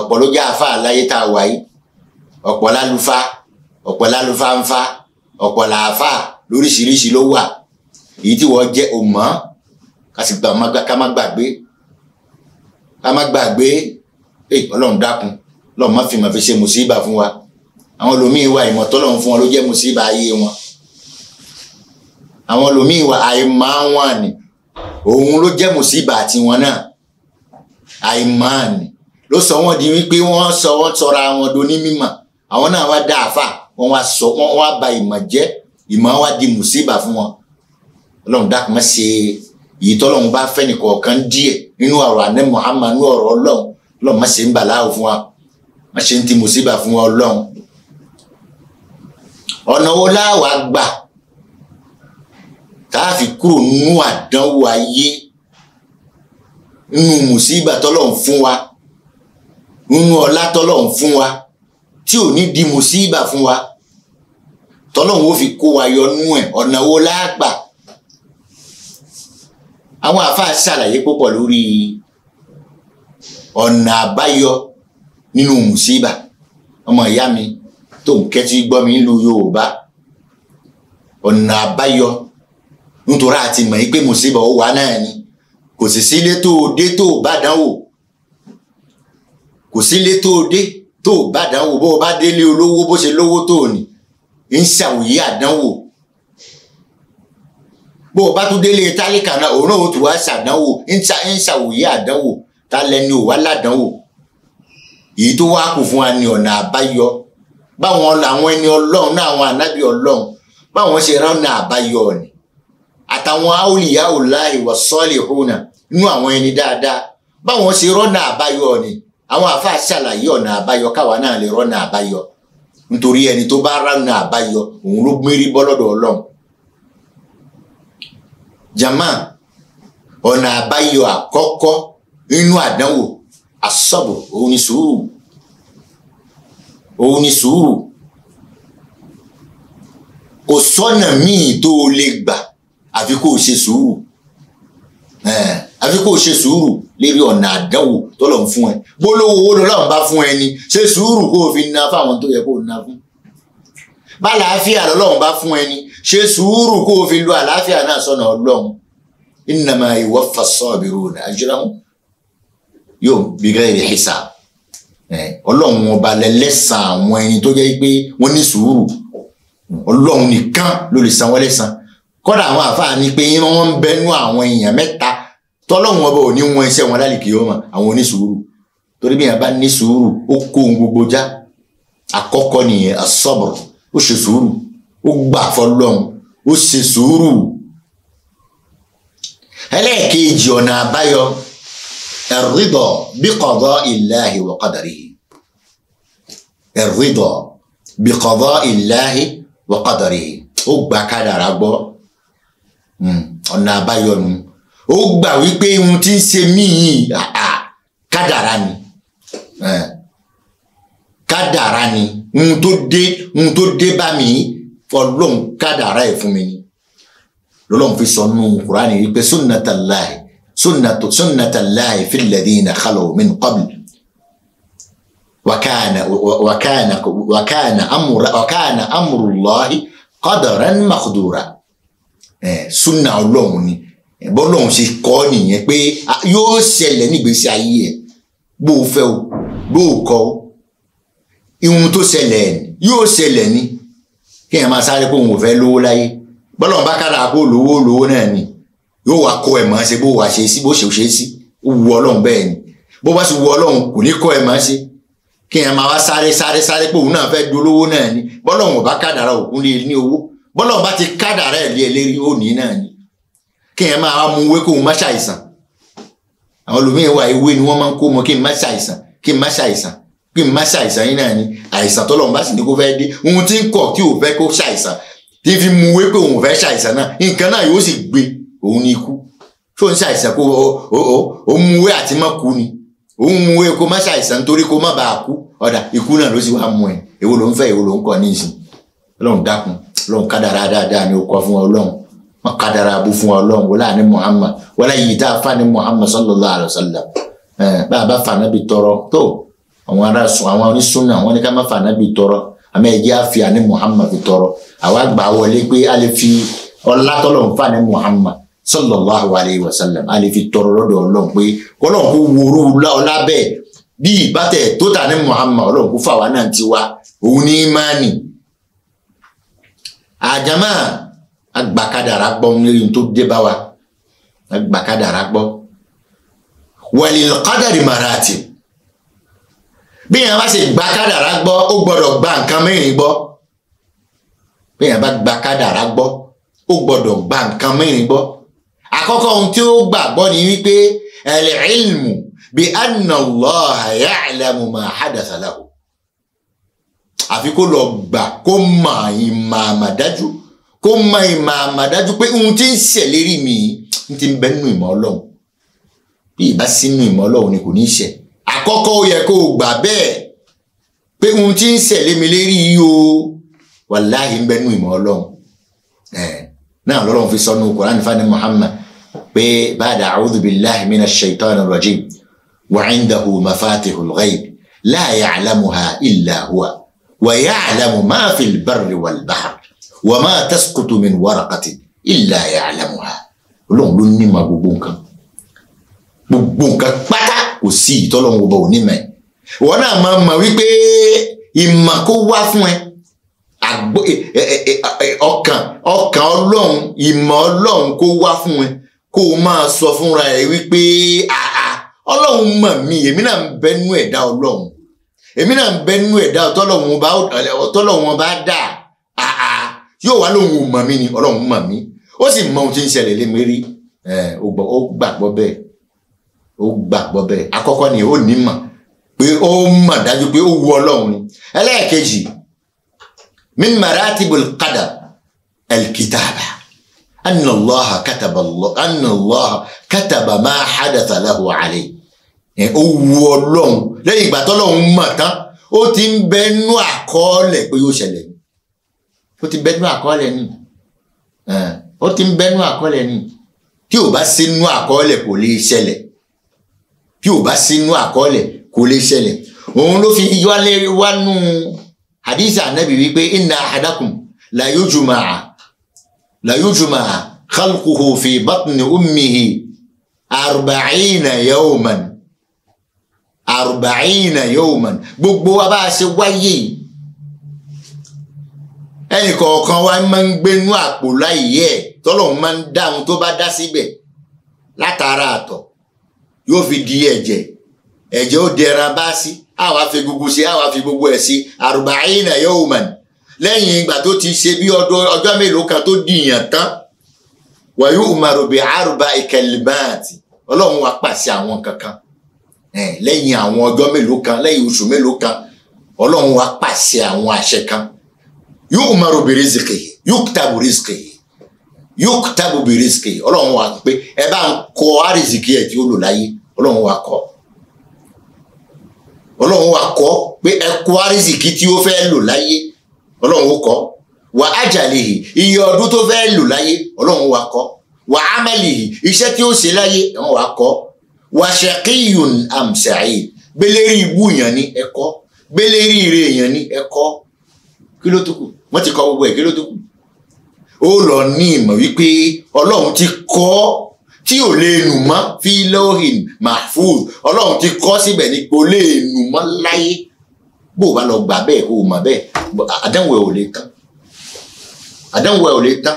S2: ọ̀pọ̀ ló jẹ́ àfa tá a wà yìí ọ̀pọ̀ lálùfá ọ̀pọ̀ fa ọ̀pọ̀ làáfà lóríṣiríṣi ló wà èyí tí wọ́n jẹ́ òmọ́ ká sì gbà ká má gbàgbé ká má gbàgbé ọlọ́run dákun ọlọ́run má fi mọ̀ fi ṣe mùsíbà fún wa àwọn olómìnira ìmọ̀ tọ́lọ́run fún wọn ló jẹ́ mùsíbà ayé wọn àwọn lomi ìwà àìmọ̀ wọn ni òun ló jẹ́ mùsíbà tiwọn náà àìmọ̀ ni ló sọ wọn di wípé wọ́n sọ wọ́n sọra wọn do ní mímọ̀ àwọn náà wá dá àfà wọ́n wá sọ wọ́n wá ba ìmọ̀ jẹ́ ìmọ̀ wá di mùsíbà fún wọn ọlọ́run dákun má ṣe èyí tọ́lọ́run bá fẹ́ nìkọ̀ọ̀kan díẹ̀ nínú ọ̀rọ̀ àná Muhammad nínú ọ̀rọ̀ ọlọ́run ọlọ́run má ṣe ń bàláwò fún wa má ṣe ń ti mùsíbà fún wa ọ̀nà wo láwàá gbà káàfi kúrò nínú àdánwò ayé nínú mùsíbà tọ́lọ̀ ń fún wa nínú ọlá tọ́lọ̀ ń fún wa tí ò ní di mùsíbà fún wa tọ́lọ̀ ń wo fi kó wa yọ nú ẹ̀ ọ̀nà wo láàgbà àwọn àáfàá ṣàlàyé púpọ̀ lórí ọ̀nà àbáyọ nínú mùsíbà ọmọ ìyá mi tó ń kẹ́tí gbọ́ mi ń lu Yorùbá ọ̀nà àbáyọ nítorí àti mọ̀ yí pé mùsíbà ó wà náà ni kò sì sí ilé tó o dé tó o bá dánwò kò sí ilé tó o dé tó o bá dánwò bó o bá délé olówó bó ṣe lówó tó o ní ń ṣàwòyé àdánwò bó o bá tún délé tálíkà náà òun náà tún wá ṣàdánwò ń ṣàwòyé àdánwò ta lẹni ò wá ládánwò èyí tó wá kù fún wa ní ọ̀nà àbáyọ báwọn àwọn ẹni ọlọ́run náà àwọn ànábì ọlọ́run báwọn ṣe rán ọ̀nà àbáyọ ni àtàwọn awliya Allahi wa salihuna nú àwọn ẹni dáadáa báwọn ṣe rọ́nà àbáyọ ni àwọn àfáà ṣàlàyé ọ̀nà àbáyọ káwa náà lè rọ́nà àbáyọ nítorí ẹni tó bá rọ́nà àbáyọ òun ló mérí Ọlọ́run jama ọ̀nà àbáyọ àkọ́kọ́ nínú àdánwò asọ́bù òun ni sùúrù òun ni sùúrù kò sọ́nà míì tó o lè gbà àfi kó o ṣe sùúrù àfi kó o ṣe sùúrù lérí ọ̀nà àdánwò tó lọ́n fún ẹ gbólóhùn owó lọ́n bá fún ẹ ni ṣe sùúrù kó o fi na fáwọn tó yẹ kó o na fún bálàáfíà lọ́lọ́run bá fún ẹni ṣe sùúrù kó o fi lu àlàáfíà náà sọ́nà ọlọ́run innama yuwaffa as-sabiruna ajrahum yóò bi ghairi hisab ọlọ́run ọba lẹ́lẹ́sàn àwọn ẹni tó jẹ́ pé wọ́n ní sùúrù ọlọ́run nìkan ló lè san wọ́n lẹ́sàn kọ́dà àwọn àfáà ni pé wọ́n ń bẹnu àwọn èèyàn mẹ́ta tọ́lọ́hún ọba ò ní wọn iṣẹ́ wọn lálẹ́ kì í ọmọ àwọn onísùúrù torí bí èèyàn bá ní sùúrù ó kó ohun gbogbo já àkọ́kọ́ nìyẹn asọ́bùrù ó ṣe sùúrù ó gbà fọlọ́hún ó ṣe sùúrù ẹlẹ́ẹ̀kejì ọ̀nà àbáyọ ẹ̀rídọ̀ bí kọ̀dọ̀ ìláhi wọ̀ kọ̀dàrí ẹ̀rídọ̀ bí kọ̀dọ̀ ìláhi wọ̀ kọ̀dàrí ó gbà kádàrá gbọ́. Hmm. ọ̀nà àbáyọ nu ó gbà wípé ohun tí ń ṣe mí yìí kádàrá ni eh. kádàrá ni ohun tó dé ohun tó dé bá mi ọlọ́run kádàrá ẹ̀ fún mi ni lọ́lọ́run fi sọ nù kúránì wípé sunnatallahi sunnatu sunnatallahi fil ladina khalaw min qabl wakana wakana wakana amru wakana amrullahi qadaran maqdura súnà ọlọ́run ni bọ́lọ́run ṣe kọ́ nìyẹn pé yóò ṣẹlẹ̀ nígbésí ayé ẹ̀ bó o fẹ́ o bó o kọ́ o ihun tó ṣẹlẹ̀ yóò ṣẹlẹ̀ ni kí èèyàn máa sáré pé òun ò fẹ́ lówó láyé bọ́lọ́run bá kára kó lówó lówó náà ni yóò wá kọ́ ẹ̀ mọ́ ṣe bó wàá ṣe sí bó ṣe ṣe sí ó wu ọlọ́run bẹ́ẹ̀ ni bó bá sì wu ọlọ́run kò ní kọ́ ẹ̀ mọ́ ṣe kí èèyàn máa wá sáré sáré sáré pé òun náà fẹ́ dolówó náà ni bọ́lọ́run ò bá kádàrá òkun ní owó bọ́lọ̀ bá ti kádàrá ẹ̀ lé eléyìí òní náà ni kí ẹ máa mú ewé kó o má ṣàìsàn àwọn olùmíín wà ewé ni wọ́n máa ń kó mọ kí n má ṣàìsàn kí n má ṣàìsàn kí n má ṣàìsàn yín náà ni àìsàn tọ́lọ̀ bá sì ní kó fẹ́ dé ohun tí ń kọ̀ tí ò fẹ́ kó ṣàìsàn tí fi mú ewé pé òun fẹ́ ṣàìsàn náà nǹkan náà yóò sì gbé òun ní ikú tó ń ṣàìsàn kó o mú ewé àti má kú ni òun mú ewé kó má ṣàìsàn nítorí kó má bàa kú ọ̀dà ikú náà ló sì wá mú ẹ èwo ló ń fẹ́ èwo ló ń kọ̀ níìsín Ọlọ́run dákun ọlọ́run kádàrá dáadáa ni ó kọ fún ọlọ́run wọn kádàrá abú fún ọlọ́run wọlé àní Muhammad wọlé yìí tá a fà ní Muhammad sallallahu alayhi wa sallam bá a bá fà nábì tọrọ tó àwọn ará sùn àwọn onísùnà wọn ni ká má fà nábì tọrọ àmọ́ ẹ jẹ́ àfi àní Muhammad fi tọrọ àwa gbà wọlé pé a lè fi ọlá tọ́lọ̀ ń fà ní Muhammad sallallahu alayhi wa sallam a lè fi tọrọ lọ́dọ̀ ọlọ́run pé ọlọ́run kò wúru ọlá bẹ́ẹ̀ bí ìbátẹ̀ tó tà ní Muhammad ọlọ́run kò fà wá náà ti wá òun ní ìmánì àjàmá agbàkadàrà gbọ́ nílùú tó dé bá wa agbàkadàrà gbọ́ walil qadari maratib bí yẹn bá ṣe gbàkadàrà gbọ́ ó gbọ́dọ̀ gba nǹkan mẹ́rin gbọ́ bí yẹn bá gbàkadàrà gbọ́ ó gbọ́dọ̀ gba nǹkan mẹ́rin gbọ́ àkọ́kọ́ ohun tí ó gbàgbọ́ ni wípé al-ilmu bi anna Allaha ya'lamu ma hadatha lahu àfi kó lọ gbà kó mọ ìmọ̀ àmàdájú kó mọ ìmọ̀ àmàdájú pé ohun tí ń ṣèlérí mi ń ti bẹ nínú ìmọ̀ ọlọ́run bí ìbá sínú ìmọ̀ ọlọ́run ni kò ní í ṣe àkọ́kọ́ ó yẹ kó o gbà bẹ́ẹ̀ pé ohun tí ń ṣèlémi lérí yìí o wàláhì ń bẹ nínú ìmọ̀ ọlọ́run náà lọ́lọ́run fi sọ́nù Kùránì fani Muhammad pé ba'da a'udhu billahi minash shaitani rajim wa 'indahu mafatihul ghaib la ya'lamuha illa huwa. ويعلم ما في البر والبحر وما تسقط من ورقة إلا يعلمها Ọlọ́run ló ní ma gbogbo nǹkan gbogbo nǹkan pátá kò sí ìtọ́lọ́run ọba ò ní mẹ́ wọn náà máa mọ̀ wípé ìmọ̀ kó wá fún ẹ ọkàn ọkàn Ọlọ́run ìmọ̀ Ọlọ́run kó wá fún ẹ kó o máa sọ fúnra ẹ wípé Ọlọ́run mọ̀ mí èmi náà ń bẹ́nu ẹ̀dá Ọlọ́run èmi náà ń bẹ nínú ẹ̀dá ọ̀tọ́lọ́wọ́n bá dà àà yóò wá lóhun ò mọ̀ mí ni ọlọ́run mọ̀ mí ó sì mọ ohun tí ń ṣẹlẹ̀ lémi rí ó gbàgbọ́ bẹ́ẹ̀ ó gbàgbọ́ bẹ́ẹ̀ àkọ́kọ́ ni ó ní mọ̀ pé ó mọ̀ dájú pé ó wu ọlọ́run ni ẹlẹ́ẹ̀kejì min maratibul qadar alkitaba anna Allah kataba Allah kataba ma hadatha alayhi ó wu ọlọ́run lẹ́yìn ìgbà tọ́lọ́run mọ̀ tán ó ti ń bẹnu àkọọ́lẹ̀ pé yóò ṣẹlẹ̀ ni ó ti bẹnu àkọọ́lẹ̀ ni ó ti ń bẹnu àkọọ́lẹ̀ ni tí ò bá sínú àkọọ́lẹ̀ kò lè ṣẹlẹ̀ tí ò bá sínú àkọọ́lẹ̀ kò lè ṣẹlẹ̀ òun ló fi wálé wánú hadith anabi wípé inna ahadakum la yujma'a la yujma'a khalquhu fi batni ummihi arba'ina yawman àrùbáyìnà yawman gbogbo wa bá a ṣe wáyé ẹnì kọ̀ọ̀kan wa máa ń gbénú àpò láyé ẹ̀ tọ́lọ́hún máa ń dá ohun tó bá dá síbẹ̀ látara àtọ̀ yóò fi di ẹ̀jẹ̀ ẹ̀jẹ̀ ó dẹran bá sí àwa fi gbogbo ṣe àwa fi gbogbo ẹ̀ sí àrùbáyìnà yawman lẹ́yìn ìgbà tó ti ṣe bí ọjọ́ mélòó kan tó dìyàn tán wàyú umaru bi arba ikẹlibáàtì ọlọ́run wa pàṣẹ àwọn kankan lẹ́yìn àwọn ọjọ́ mélòó kan lẹ́yìn oṣù mélòó kan ọlọ́run wa pàṣẹ àwọn àṣẹ kan yu'maru bi rizqihi yuktabu rizqihi yuktabu bi rizqihi ọlọ́run wa pé ẹ bá ń kọ àrísìkì ẹ̀ tí ó lò láyé ọlọ́run wa kọ ọlọ́run wa kọ pé ẹ kọ àrísìkì tí ó fẹ́ lò láyé ọlọ́run ó kọ wà ájàlèhì iye ọdún tó fẹ́ lò láyé ọlọ́run wa kọ wà ámàlèhì iṣẹ́ tí ó ṣe láyé ọlọ́run wa kọ wàṣẹkíyùn àmṣàì gbélérí ibú èèyàn ni ẹkọ gbélérí ire èèyàn ni ẹkọ kí ló tó kù wọn ti kọ gbogbo ẹ kí ló tó kù ó lọ ní ìmọ̀ wípé ọlọ́run ti kọ ọ́ tí ò lè nù mọ́ fi lóhìn mahfuz ọlọ́run ti kọ síbẹ̀ ni kò lè nù mọ́ láyé bó o bá lọ gbà bẹ́ẹ̀ o mọ̀ bẹ́ẹ̀ àdánwò ẹ̀ ò lè tán àdánwò ẹ̀ ò lè tán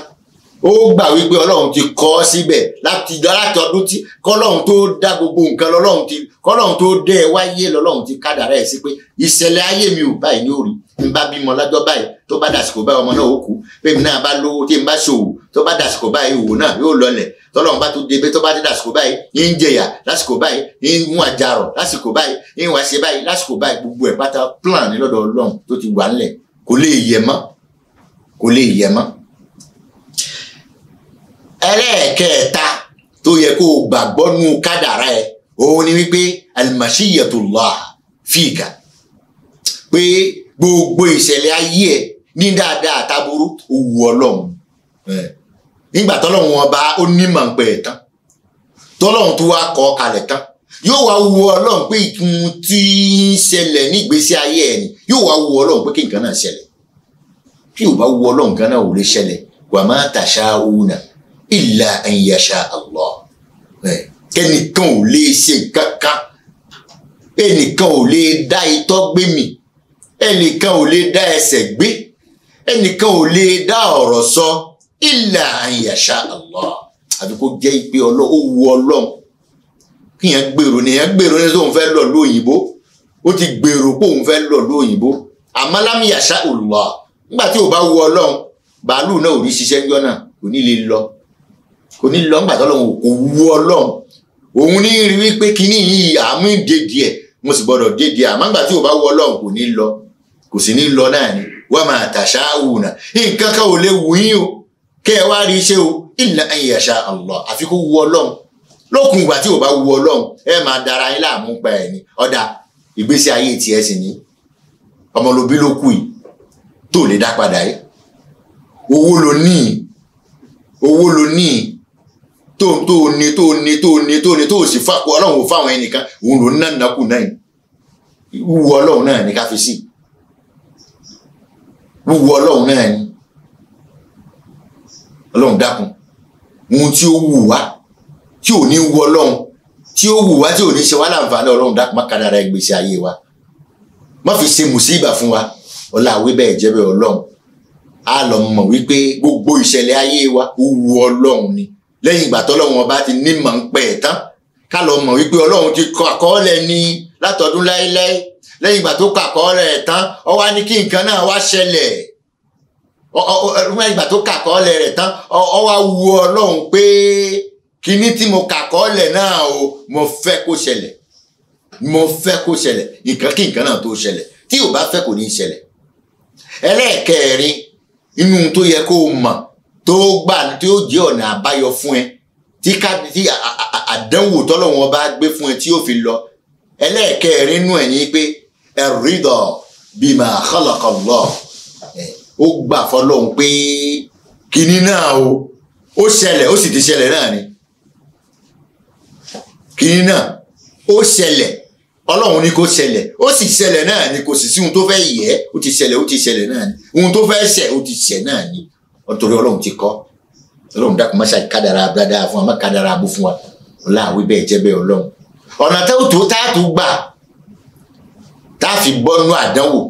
S2: ó gbà wípé ọlọ́run ti kọ́ ọ síbẹ̀ láti láti ọdún tí kọ́lọ́run tó dá gbogbo nǹkan lọ́lọ́run ti kọ́lọ́run tó dẹ́ ẹ wáyé lọ́lọ́run ti kádàrá ẹ̀ sí pé ìṣẹ̀lẹ̀ ayé mi ò báyìí ní òrì n bá bímọ lọ́jọ́ báyìí tó bá dàsìkò báyìí ọmọ náà ó kú pé náà bá lówó tí n bá ṣòwò tó bá dàsìkò báyìí òwò náà yóò lọlẹ̀ tọ́lọ́run bá tó débé tó bá dé dàsìkò báyìí ń jẹyà lásìkò báyìí ń mú àjàrọ̀ lásìkò báyìí ń wá ṣe báyìí lásìkò báyìí gbogbo ẹ̀ pátá plan ní lọ́dọ̀ ọlọ́run tó ti wà ńlẹ̀ kò lè yẹ mọ́ kò lè yẹ mọ́ ẹlẹ́ẹ̀kẹta tó yẹ kó o gbàgbọ́ nu kádàrá ẹ òun ni wípé almasiyatullah fíìkà pé gbogbo ìṣẹ̀lẹ̀ ayé ẹ ní dáadáa táburú òwú ọlọ́run nígbà tọ́lọ́run ọba ó nímọ̀ ń pẹ́ ẹ̀ tán tọ́lọ́run tó wá kọ́ kalẹ̀ tán yóò wá wu ọlọ́run pé ìkun tí ń ṣẹlẹ̀ nígbésí ayé ẹ̀ ni yóò wá wu ọlọ́run pé kí nǹkan náà ṣẹlẹ̀ kí ò bá wu ọlọ́run kan náà ò lè ṣẹlẹ̀ wàmátàṣá òun náà ìlà ẹ̀yàṣà Allah ẹnìkan ò lè ṣe nǹkan kan ẹnìkan ò lè dá itọ́ gbé mì ẹnìkan ò lè dá ẹsẹ̀ gbé ẹnìkan ò lè dá ọ̀rọ̀ sọ ìlà ẹ̀yàṣà Allah àfi kó jẹ́ ìpè ọlọ́run ó wu ọlọ́run kíyàn gbèrò nìyàn gbèrò ní tóun fẹ́ lọ lóyìnbó ó ti gbèrò póun fẹ́ lọ lóyìnbó àmọ́ lámìyàṣà nígbà tí ò bá wu ọlọ́run bàálù náà ò rí ṣiṣẹ́ yọ kò ní lè lọ kò ní lọ ńgbà tọ́lọ́run kò wú ọlọ́run òun ní rí wípé kíní yìí àmú dédìí ẹ̀ mo sì gbọ́dọ̀ dédìí àmọ́ ńgbà tí ò bá wú ọlọ́run kò ní lọ kò sì ní lọ náà ni wọ́n máa tàṣà àwùnà nǹkan kan ò lè wù yín o kẹ́ ẹ wá rí iṣẹ́ o ìlà ẹ̀yìn àṣà Allah àfi kó wú ọlọ́run lókun ìgbà tí ò bá wú ọlọ́run ẹ máa dara yín láàmú pa ẹ̀ ní ọ̀dà ìgbésí ayé tiẹ̀ sì ní ọmọlóbí ló kù yìí tó lè dá padà yìí owó lo ní owó lo ní tó tó ní tó ní tó ní tó ní tó sì fà ọlọ́run ò fáwọn ẹnìkan òun ló ná nàkú náà wúwo ọlọ́run náà ní ká fi sí wúwo ọlọ́run náà ní ọlọ́run dákun ohun tí ó wù wá tí ò ní wù ọlọ́run tí ó wù wá tí ò ní ṣe wá láǹfààní ọlọ́run dákun má kára ara ìgbésí ayé wa má fi ṣe mùsíbà fún wa ọlá àwé bẹ́ẹ̀ jẹ́ bẹ́ẹ̀ ọlọ́run a lọ mọ̀ wípé gbogbo ìṣẹ̀lẹ̀ ayé wa ó wù ọlọ́run ni lẹ́yìn ìgbà tọ́lọ́run ọba ti nímọ̀ ń pẹ́ ẹ̀ tán ká lọ mọ̀ wípé ọlọ́run ti kọ àkọọ́lẹ̀ ni látọdún láéláé lẹ́yìn ìgbà tó kọ àkọọ́lẹ̀ ẹ̀ tán ó wá ní kí nǹkan náà wá ṣẹlẹ̀ lẹ́yìn ìgbà tó kọ àkọọ́lẹ̀ rẹ̀ tán ó wá wu ọlọ́run pé kíní tí mo kọ àkọọ́lẹ̀ náà o mo fẹ́ kó ṣẹlẹ̀ mo fẹ́ kó ṣẹlẹ̀ nǹkan kí nǹkan náà tó ṣẹlẹ̀ tí ò bá fẹ́ kò ní ṣẹlẹ̀ ẹlẹ́ẹ̀kẹrin inú tó yẹ kó o mọ̀ tó gbà tí ó jẹ́ ọ̀nà àbáyọ fún ẹ tí kábíyèsí àdánwò tọ́lọ́wọ́n bá gbé fún ẹ tí ó fi lọ ẹlẹ́ẹ̀kẹrin nú ẹ̀ ní pé ẹ̀rídọ̀ bímọ àkọlọ̀kọlọ̀ ó gbà fọlọ́hún pé kinní náà o ó ṣẹlẹ̀ ó sì ti ṣẹlẹ̀ náà ni kinní náà ó ṣẹlẹ̀ ọlọ́run ni kò ṣẹlẹ̀ ó sì ṣẹlẹ̀ náà ni kò sì sí ohun tó fẹ́ yẹ ó ti ṣẹlẹ̀ ó ti ṣẹlẹ̀ náà ni ohun tó fẹ́ ṣẹ ó ti ṣẹ náà ni ọtọrọ Ọlọ́run ti kọ Ọlọ́run dákun mọṣá kádàrà abúládàá fún wa má kádàrà abú fún wa ọlá àwí bẹ́ẹ̀ jẹ́ bẹ́ẹ̀ Ọlọ́run ọ̀nà tó tó tá a tó gbà tá a fi bọ́nú àdánwò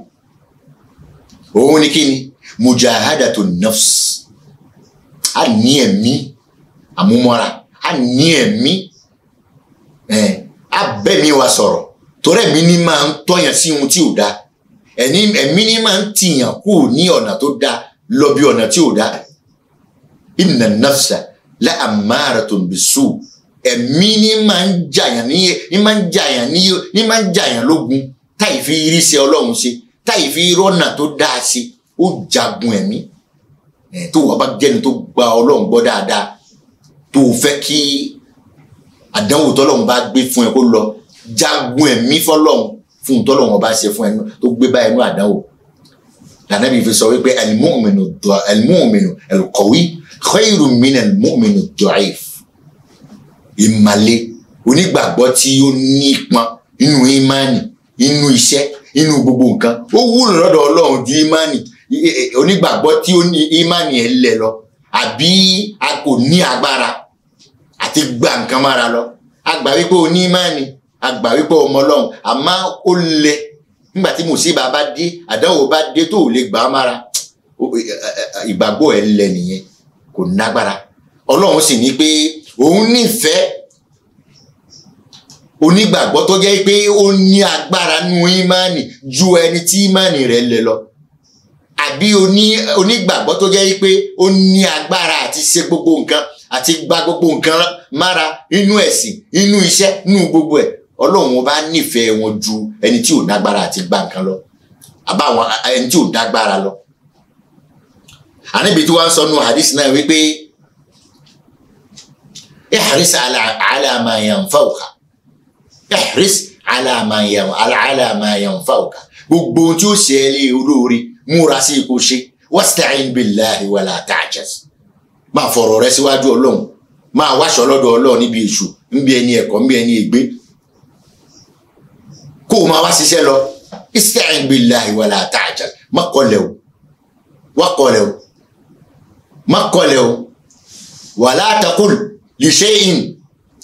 S2: òun ni kí ni mujahadatu nafs a ní ẹ̀mí àmúmọ́ra a ní ẹ̀mí a bẹ́mi wa sọ̀rọ̀ torí ẹ̀mí ni máa ń tọ́yàn sí ohun tí ò dáa ẹ̀mí ni máa ń tìyàn kù ní ọ̀nà tó dáa lọ bí ọ̀nà tí ò dáa inna nafsa la ammaratun bisu ẹ̀mí ni máa ń jàyàn níyẹ ni máa ń jàyàn níyẹ ni máa ń jàyàn lógun táyì fi irisẹ́ ọlọ́run ṣe táyì fi rọ́nà tó dáa ṣe ó jagun ẹ̀mí tó wà bá jẹ́ni tó gba ọlọ́run gbọ́ dáadáa tó fẹ́ kí àdánwò tọ́lọ́run bá gbé fún ẹ kó lọ jagun ẹ̀mí fọlọ́run fún tọ́lọ́run ọba ṣe fún ẹ tó gbé bá ẹnu àdánwò lànàbí fi sọ wípé alimúmínú alimúmínú alqawi khayrun min alimúmínú da'if ìmàle onígbàgbọ́ tí ó ní ipọn nínú ìmánì nínú iṣẹ́ nínú gbogbo nǹkan ó wúlò lọ́dọ̀ ọlọ́run ju ìmánì onígbàgbọ́ tí ó ní ìmánì ẹ̀ lẹ̀ lọ àbí a kò ní agbára àti gba nǹkan mára lọ a wípé o ní wípé o ọlọ́run àmọ́ ó lẹ̀ nígbà tí mùsíbà bá dé àdánwò bá dé tó ò lè gbà á mára ìgbàgbọ́ ẹ̀ lẹ nìyẹn kò nágbára ọlọ́run sì ní pé òun nífẹ̀ẹ́ onígbàgbọ́ tó jẹ́ pé ó ní agbára nu ìmánì ju ẹni tí ìmánì rẹ̀ lè lọ àbí onígbàgbọ́ tó jẹ́ pé ó ní agbára àti ṣe gbogbo nǹkan àti gba gbogbo nǹkan mára inú ẹ̀sìn inú iṣẹ́ inú gbogbo ẹ̀ ọlọ́run ọba nífẹ̀ẹ́ wọn ju ẹni tí ò dágbára àti gba nǹkan lọ àbá àwọn ẹni tí ò dágbára lọ. àníbi tí wọ́n sọ nu hadith náà wípé ihris ala ala ma yanfa'uka ihris ala ma yan ala ma yanfa'uka gbogbo ohun tí ó ṣe ẹ lé olóore múra sí ipò ṣe wasta'in billahi wala ta'jaz máa fọ̀rọ̀ rẹ síwájú ọlọ́run máa wáṣọ lọ́dọ̀ ọlọ́run níbi èṣù níbi ẹni ẹ̀kọ́ níbi ẹni ègbé kó o máa wá ṣiṣẹ́ lọ ista'in billahi wala ta'jal má kọlẹ̀ o wá kọlẹ̀ o má kọlẹ̀ o wala taqul li shay'in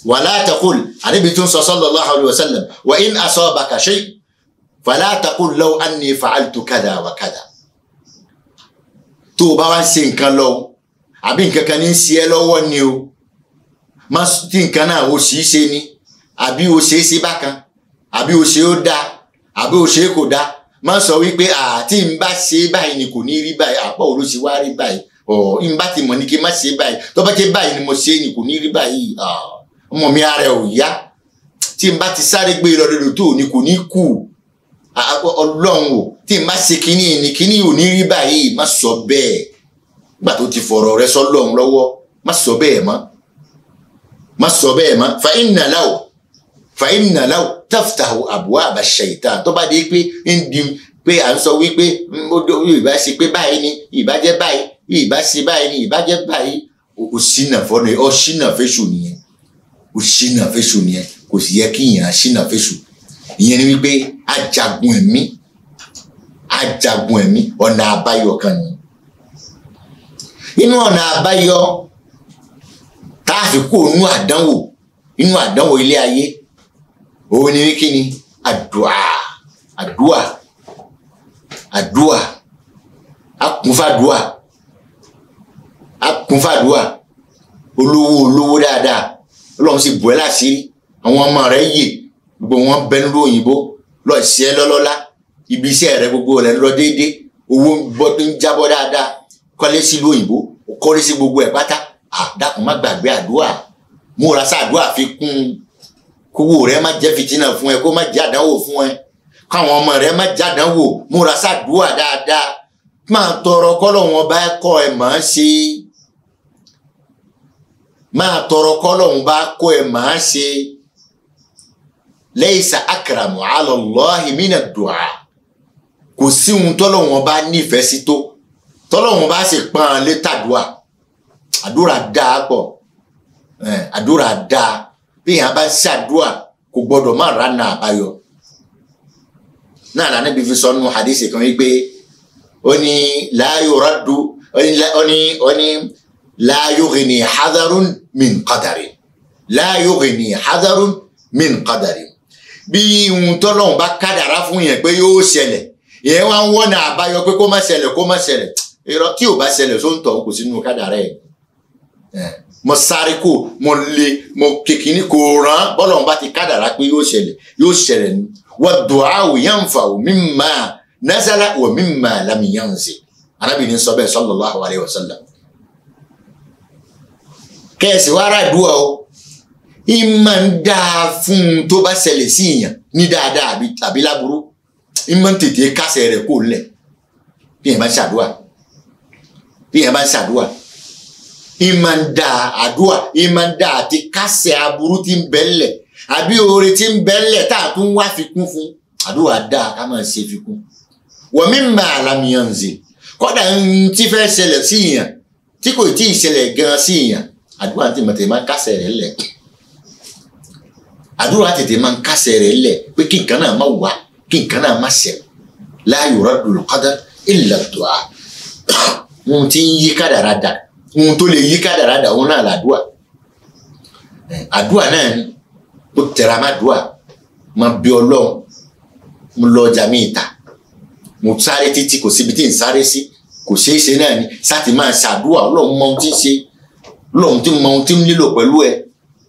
S2: wala taqul àníbi tó ń sọ sallallahu alayhi wa sallam wa in asabaka shay fala taqul law anni fa'altu kada wa kada tó o bá wá ṣe nǹkan lọ àbí nǹkan kan ní ṣe ẹ́ lọ́wọ́ ni o má tí nǹkan náà o sì ṣe ni àbí o ṣe é ṣe bákan àbí o ṣe ó dáa àbí o ṣe é kò dáa má sọ wípé àti ń bá ṣe é báyìí ni kò ní rí báyìí àpọ̀ òru ṣe wá rí báyìí ọ̀ ń bá ti mọ̀ ní kí n má ṣe é báyìí tó bá ṣe báyìí ni mo ṣe é ni kò ní rí báyìí ọmọ mi ara ẹ̀ ò yá tí n bá ti sáré gbé lọ dodo tó ni kò ní kú ọlọ́run o tí n bá ṣe kínní ni kínní ò ní rí báyìí má sọ bẹ́ẹ̀ nígbà tó ti fọ̀rọ̀ rẹ sọ́lọ́run lọ́wọ́ má sọ bẹ́ẹ̀ mọ́ má sọ bẹ́ẹ̀ mọ́ fa ìnàlá o fàyínà láwù taftahu abwaba shaitan tó bá di pé ń di pé à ń sọ wípé ìbá mm, ṣe pé báyìí ni ìbá jẹ́ báyìí ìbá ṣe báyìí ni ìbá jẹ́ báyìí ó ṣìnà fọ́nà ó ṣìnà fẹ́ṣù nìyẹn ó ṣìnà fẹ́ṣù nìyẹn kò sì yẹ kí ìyàn ṣìnà fẹ́ṣù ìyẹn ni wípé ajagun ẹ̀mí ajagun ẹ̀mí ọ̀nà àbáyọ kan ni inú ọ̀nà àbáyọ tá a fi kó inú àdánwò inú àdánwò ilé ayé òun ni kí ni àdúà àdúà àdúà akùnfàdúà akùnfàdúà olówó olówó dáadáa ọlọ́run sì bù ẹ́ láṣìírí àwọn ọmọ rẹ̀ yè gbogbo wọn bẹ nílùú òyìnbó lọ sí ẹ lọ́lọ́lá ibi iṣẹ́ rẹ gbogbo rẹ lọ déédéé owó bọ́ tó ń jábọ́ dáadáa kọ́lé sílùú òyìnbó kọ́lé sí gbogbo ẹ̀ pátá àdàkùn má gbàgbé àdúà múra sáà àdúà fi kún un kówó rẹ má jẹ́ fìtínà fún ẹ kó má jẹ́ àdánwò fún ẹ káwọn ọmọ rẹ má jẹ́ àdánwò múra sàdúà dáadáa máa tọrọ kọ́lọ̀ wọn bá kọ́ ẹ máa ṣe máa tọrọ kọ́lọ̀ wọn bá kọ́ ẹ máa ṣe laysa akramu ala Allahi mina du'a kò sí ohun tọ́lọ̀ wọn bá nífẹ̀ẹ́ sí tó tọ́lọ̀ wọn bá sì pọ́n létàdúà àdúrà dáa pọ̀ àdúrà dáa bíyàn bá ṣàdúà kò gbọdọ̀ má ra nà àbáyọ náà nàní bí fi sọnù hadisi kan wípé ó ní la yuraddu ó ní ó ní la yughni hadarun min qadarin la yughni hadarun min qadarin bí ohun tọ́lọ́hún bá kádàrá fún yẹn pé yóò ṣẹlẹ̀ ìyẹn wá ń wọ́nà àbáyọ pé kó má ṣẹlẹ̀ kó má ṣẹlẹ̀ irọ́ tí ò bá ṣẹlẹ̀ sóńtọ̀ kò sínú kádàrá yẹn mo sáré kò mo le mo kékeré kò rán bọ́lọ̀ wọn bá ti kádàrá pé yóò ṣẹlẹ̀ yóò ṣẹlẹ̀ ni wọ́n dùn áwò yẹn ń fa omi máa nazala omi máa lámì yẹn ń ṣe arábìnrin sọ bẹ́ẹ̀ sallallahu alaihi wasallam. kẹ́ẹ̀sì wàá rà dùn ọ́ ìmọ̀ ń dáa fún un tó bá ṣẹlẹ̀ sí ìyàn ní dáadáa àbí láburú ìmọ̀ ń tètè kásẹ̀ rẹ̀ kó lẹ̀ bí yẹn bá ń ṣàdúrà bí yẹn bá ń ṣàdúrà ìmọ̀ǹda àdúà ìmọ̀ǹda àti kásẹ̀ aburú tí ń bẹ́lẹ̀ àbí oore tí ń bẹ́lẹ̀ tá a tún wá fikún fún àdúà dáa ká máa ṣe fikún wọ́n mi máa lamiyan nze kọ́dà ń tí fẹ́ ṣẹlẹ̀ sí yàn tí gan sí yàn àdúrà tètè máa tètè máa ń kásẹ̀ rẹ̀ tètè máa ń kásẹ̀ rẹ̀ pé kí nǹkan náà má wà kí nǹkan náà má ṣẹ̀ la yuradul qadar illa du'a ti yí kádàrá dà ohun tó lè yí kádàrádà òun náà làdúà àdúà náà ni ó tẹra má dùà má bí ọlọ́run mo lọ ọjà mi ìta mo sáré títí kò síbi tí n sáré sí kò ṣeé ṣe náà ni sáti máa ṣàdúà ọlọ́run mọ ohun tí ń ṣe ọlọ́run tí mọ ohun tí ń nílò pẹ̀lú ẹ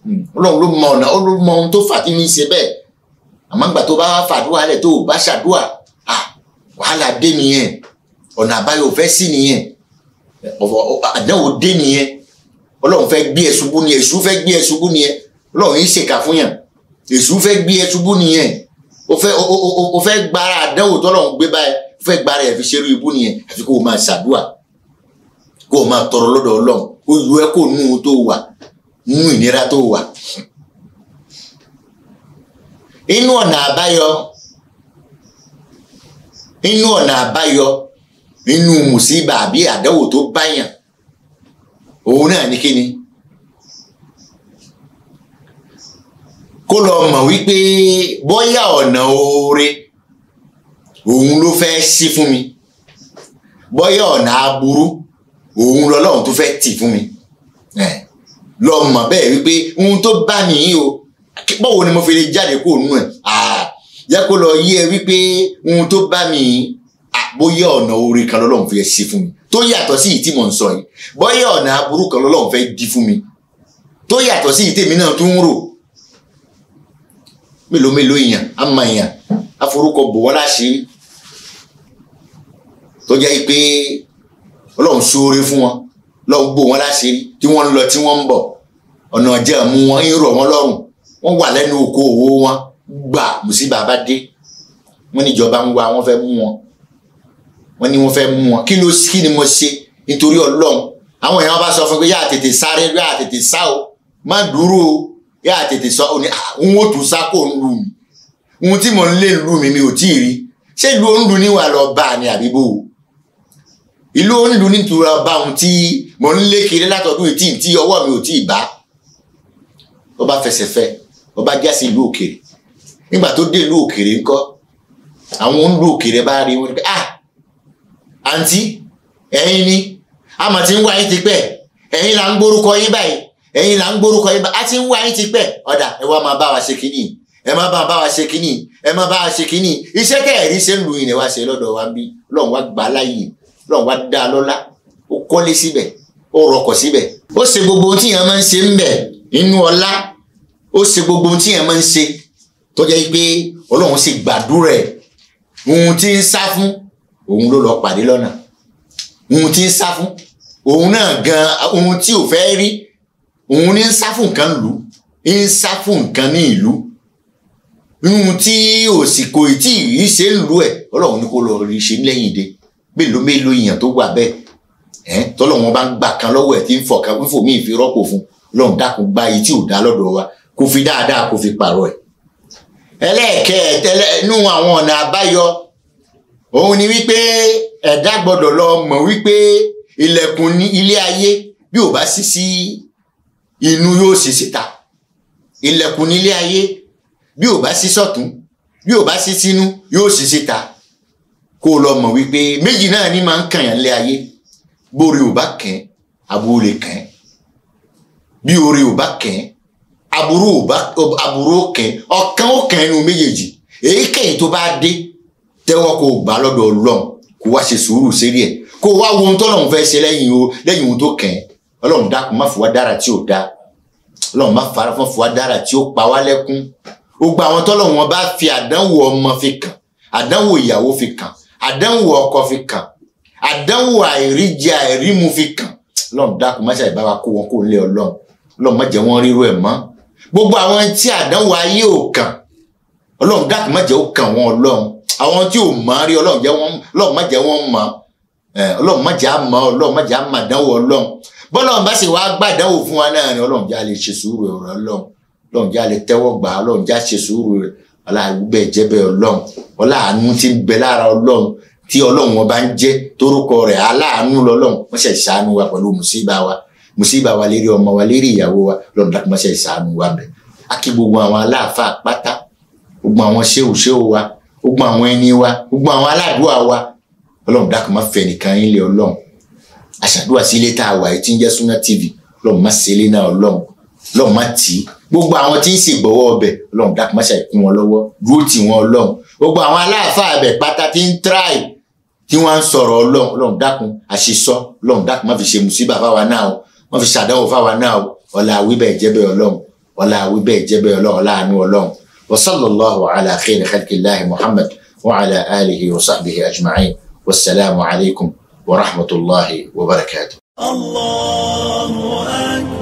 S2: hmm. ọlọ́run ló mọ ọ̀nà ọlọ́run mọ ohun tó fà tí ń ṣe bẹ́ẹ̀ àmọ́ tó bá wá fàdúà rẹ̀ tó bá ṣàdúà wàhálà dé nìyẹn ọ̀nà àbáyọ fẹ́ sí nìyẹn àdánwò dé nìyẹn ọlọ́run fẹ́ gbé ẹ ṣubú nìyẹn èṣù fẹ́ gbé ẹ ṣubú nìyẹn ọlọ́run yìí ṣèkà fún yàn èṣù fẹ́ gbé ẹ ṣubú nìyẹn o fẹ́ o fẹ́ gbára àdánwò tọ́lọ́run gbé báyẹn o fẹ́ gbára ẹ̀ fi ṣerú ibú nìyẹn àfi kó o máa ṣàdúà kó o máa tọrọ lọ́dọ̀ ọlọ́run ó yọ ẹ́ kó nú tó wà nú ìnira tó wà. inú ọ̀nà àbáyọ inú ọ̀nà àbáyọ nínú mùsíbà àbí àdánwò tó báyàn òun náà ní kíni kó lọ mọ̀ wípé bóyá ọ̀nà oore òun ló fẹ́ ṣí fún mi bóyá ọ̀nà aburú òun lọ́lọ́run tó fẹ́ tì fún mi lọ mọ̀ bẹ́ẹ̀ wípé ohun tó bá nìyí o báwo ni mo fi lè jáde kó nù ẹ̀ jẹ́ kó lọ yé ẹ wípé ohun tó bá mi yìí bóyá ọ̀nà oore kan lọ́lọ́run fẹ́ ṣe fún mi tó yàtọ̀ sí ìyí tí mò ń sọ yìí bóyá ọ̀nà aburú kan lọ́lọ́run fẹ́ di fún mi tó yàtọ̀ sí ìyí tèmi náà tún ń rò mélòó mélòó èèyàn á mọ èèyàn á forúkọ bò wọ́n láṣìírí tó jẹ́ pé ọlọ́run ṣoore fún wọn lọ́run gbò wọ́n láṣìírí tí wọ́n ń lọ tí wọ́n ń bọ̀ ọ̀nà ọ̀jẹ̀ mú wọn ń rọ̀ wọ́n lọ́rùn wọ́n wà lẹ́nu òkú wọn gbà mùsíbà bá dé wọ́n níjọba ń wá wọ́n fẹ́ mú wọn wọ́n ní wọ́n fẹ́ mú wọn kí ló kí ni mo ṣe nítorí ọlọ́run àwọn èèyàn bá sọ fún pé yáà tètè sáré yáà tètè sá o má dúró o yáà tètè sọ ọ ní ah, n ó tún sá kó ń lù mí ohun tí mo ń lé lù mí mi ò tí ì rí ṣé ìlú òǹlù ni wà lọ bá a ní àbíbò o ìlú òǹlù nítorí ọba ohun tí mo ń lé kiri látọdún ìtì tí ọwọ́ mi ò tí ì bá ọba fẹsẹ̀ fẹ ọba jásí ìlú òkèrè nígbà tó dé ìlú òkèrè ńkọ́ àwọn òǹlù òkèrè bá rí wọn pé ah àǹtí ẹ̀yin ni a mà ti ń wá yín tipẹ́ ẹ̀yin là ń gbórúkọ yín báyìí ẹ̀yin là ń gbórúkọ yín báyìí a ti ń wá yín tipẹ́ ọ̀dà ẹ wá máa bá wa ṣe kínní ẹ má bá wa ṣe kínní ẹ má bá wa ṣe kínní iṣẹ́ kẹ́ẹ̀rí ṣe ń lu ìrìn wa ṣe lọ́dọ̀ wa bí lọ́n wa gbà láyè lọ́n wa dá a lọ́lá ó kọ́lé síbẹ̀ ó rọkọ̀ síbẹ̀ ó ṣe gbogbo ohun tí yẹn máa ń ṣe ń bẹ̀ nínú ọlá ó ṣe gbogbo ohun tí yẹn máa ń ṣe tó jẹ́ pé ọlọ́run ṣe gbàdúrà ẹ̀ ohun tí ń sá fún òun ló lọ pàdé lọ́nà òun ti ń sá fún òun náà gan òun tí ò fẹ́ rí òun ní ń sá fún nǹkan lù ú ń sá fún nǹkan ní ìlú ohun tí òsìkò tí ì ṣe ń lu ẹ̀ ọlọ́run ní kó lọ rí ṣe lẹ́yìn dé mélòó mélòó èèyàn tó wà bẹ́ẹ̀ ẹ̀ tọ́lọ́ wọn bá ń gbà kan lọ́wọ́ ẹ̀ tí ń fọ̀ fífò míì fi rọ́pò fún lọ́run dákun gba èyí ò dá lọ́dọ̀ wa kó fi dáadáa kó fi pààrọ̀ ẹ̀ ẹlẹ́ẹ̀kẹ́ ẹ̀ tẹ́lẹ̀ nú àwọn ọ̀nà àbáyọ òun ni wípé ẹ̀dá gbọ́dọ̀ lọ mọ̀ wípé ilẹ̀kùn ní ilé ayé bí ò bá sí sí inú yóò sì síta ilẹ̀kùn ní ilé ayé bí ò bá sí sọ̀tún bí ò bá sí sínú yóò sì síta kó o lọ mọ̀ wípé méjì náà ni máa ń kàn yàn lé ayé bóore ò bá kàn aburú lè kàn bí oore ò bá kàn aburú ò bá aburú ó kàn ọ̀kan ó kàn inú méjèèjì èyíkéyìí tó bá dé tẹ́wọ́ kó gbà lọ́dọ̀ ọlọ́run kó wá ṣe sùúrù sérí ẹ̀ kó wá wo ohun tọ́lọ́run fẹ́ ṣe lẹ́yìn o lẹ́yìn ohun tó kàn ẹ́ ọlọ́run dákun má fò wá dára tí ò da ọlọ́run má fara fún fò wá dára tí ó pa wá lẹ́kún ó gba àwọn tọ́lọ́run wọn bá fi àdánwò ọmọ fi kàn àdánwò ìyàwó fi kàn àdánwò ọkọ fi kàn àdánwò àìríjẹ àìrímu fi kàn ọlọ́run dákun má ṣàì bá kó wọn kó lé ọlọ́run ọlọ́run má jẹ́ wọ́n rírú ẹ̀ mọ́ gbogbo àwọn tí àdánwò ayé ò kàn ọlọ́run dákun má jẹ́ ó kàn wọn ọlọ́run àwọn tí ò mọ̀ rí ọlọ́run jẹ́ wọ́n ọlọ́run má jẹ́ wọ́n mọ̀ ọlọ́run má jẹ́ àmọ́ ọlọ́run má jẹ́ àmọ́ àdánwò ọlọ́run bọ́lọ́run bá sì wá gbàdánwò fún wa náà ni ọlọ́run já lè ṣe sùúrù ọ̀rọ̀ ọlọ́run ọlọ́run já lè tẹ́wọ́ gbà ọlọ́run já ṣe sùúrù rẹ̀ ọláàgbẹ̀ jẹ́bẹ̀ ọlọ́run ọláàánú ti ń bẹ lára ọlọ́run tí ọlọ́run wọn bá ń jẹ́ torúkọ rẹ̀ aláàánú lọ́lọ́run wọ́n ṣe ìṣàánú wa pẹ̀lú mùsíbà wa mùsíbà wa lérí ọmọ wa lérí ìyàwó wa lọ́run dákun wọ́n ṣe ìṣàánú wa bẹ̀ á kí gbogbo àwọn aláàfáà pátá gbogbo wa gbogbo àwọn ẹni wa gbogbo àwọn aládùúwà wa ọlọ́run dákun má fẹ́ nìkan yín lé ọlọ́run àṣàdúrà sí ilé tá a wà tí ń jẹ́ Sunna TV ọlọ́run má ṣe ilé náà ọlọ́run ọlọ́run má tì í gbogbo àwọn tí ń sì gbọ́wọ́ ọbẹ̀ ọlọ́run dákun má ṣàìkún wọn lọ́wọ́ dúró tì wọn ọlọ́run gbogbo àwọn aláàfáà bẹ̀ pátá tí ń tíráì tí wọ́n ń sọ̀rọ̀ ọlọ́run ọlọ́run dákun àṣesọ ọlọ́run dákun má fi ṣe mùsíbà fáwa náà o má fi ṣàdánwò fáwa náà o ọlá àwíbẹ̀ ìjẹ́bẹ̀ ọlọ́run ọlá àwíbẹ̀ ìjẹ́bẹ̀ ọlọ́run ọlá àánú ọlọ́run وصلى الله على خير خلق الله محمد وعلى آله وصحبه أجمعين والسلام عليكم ورحمة الله وبركاته الله أكبر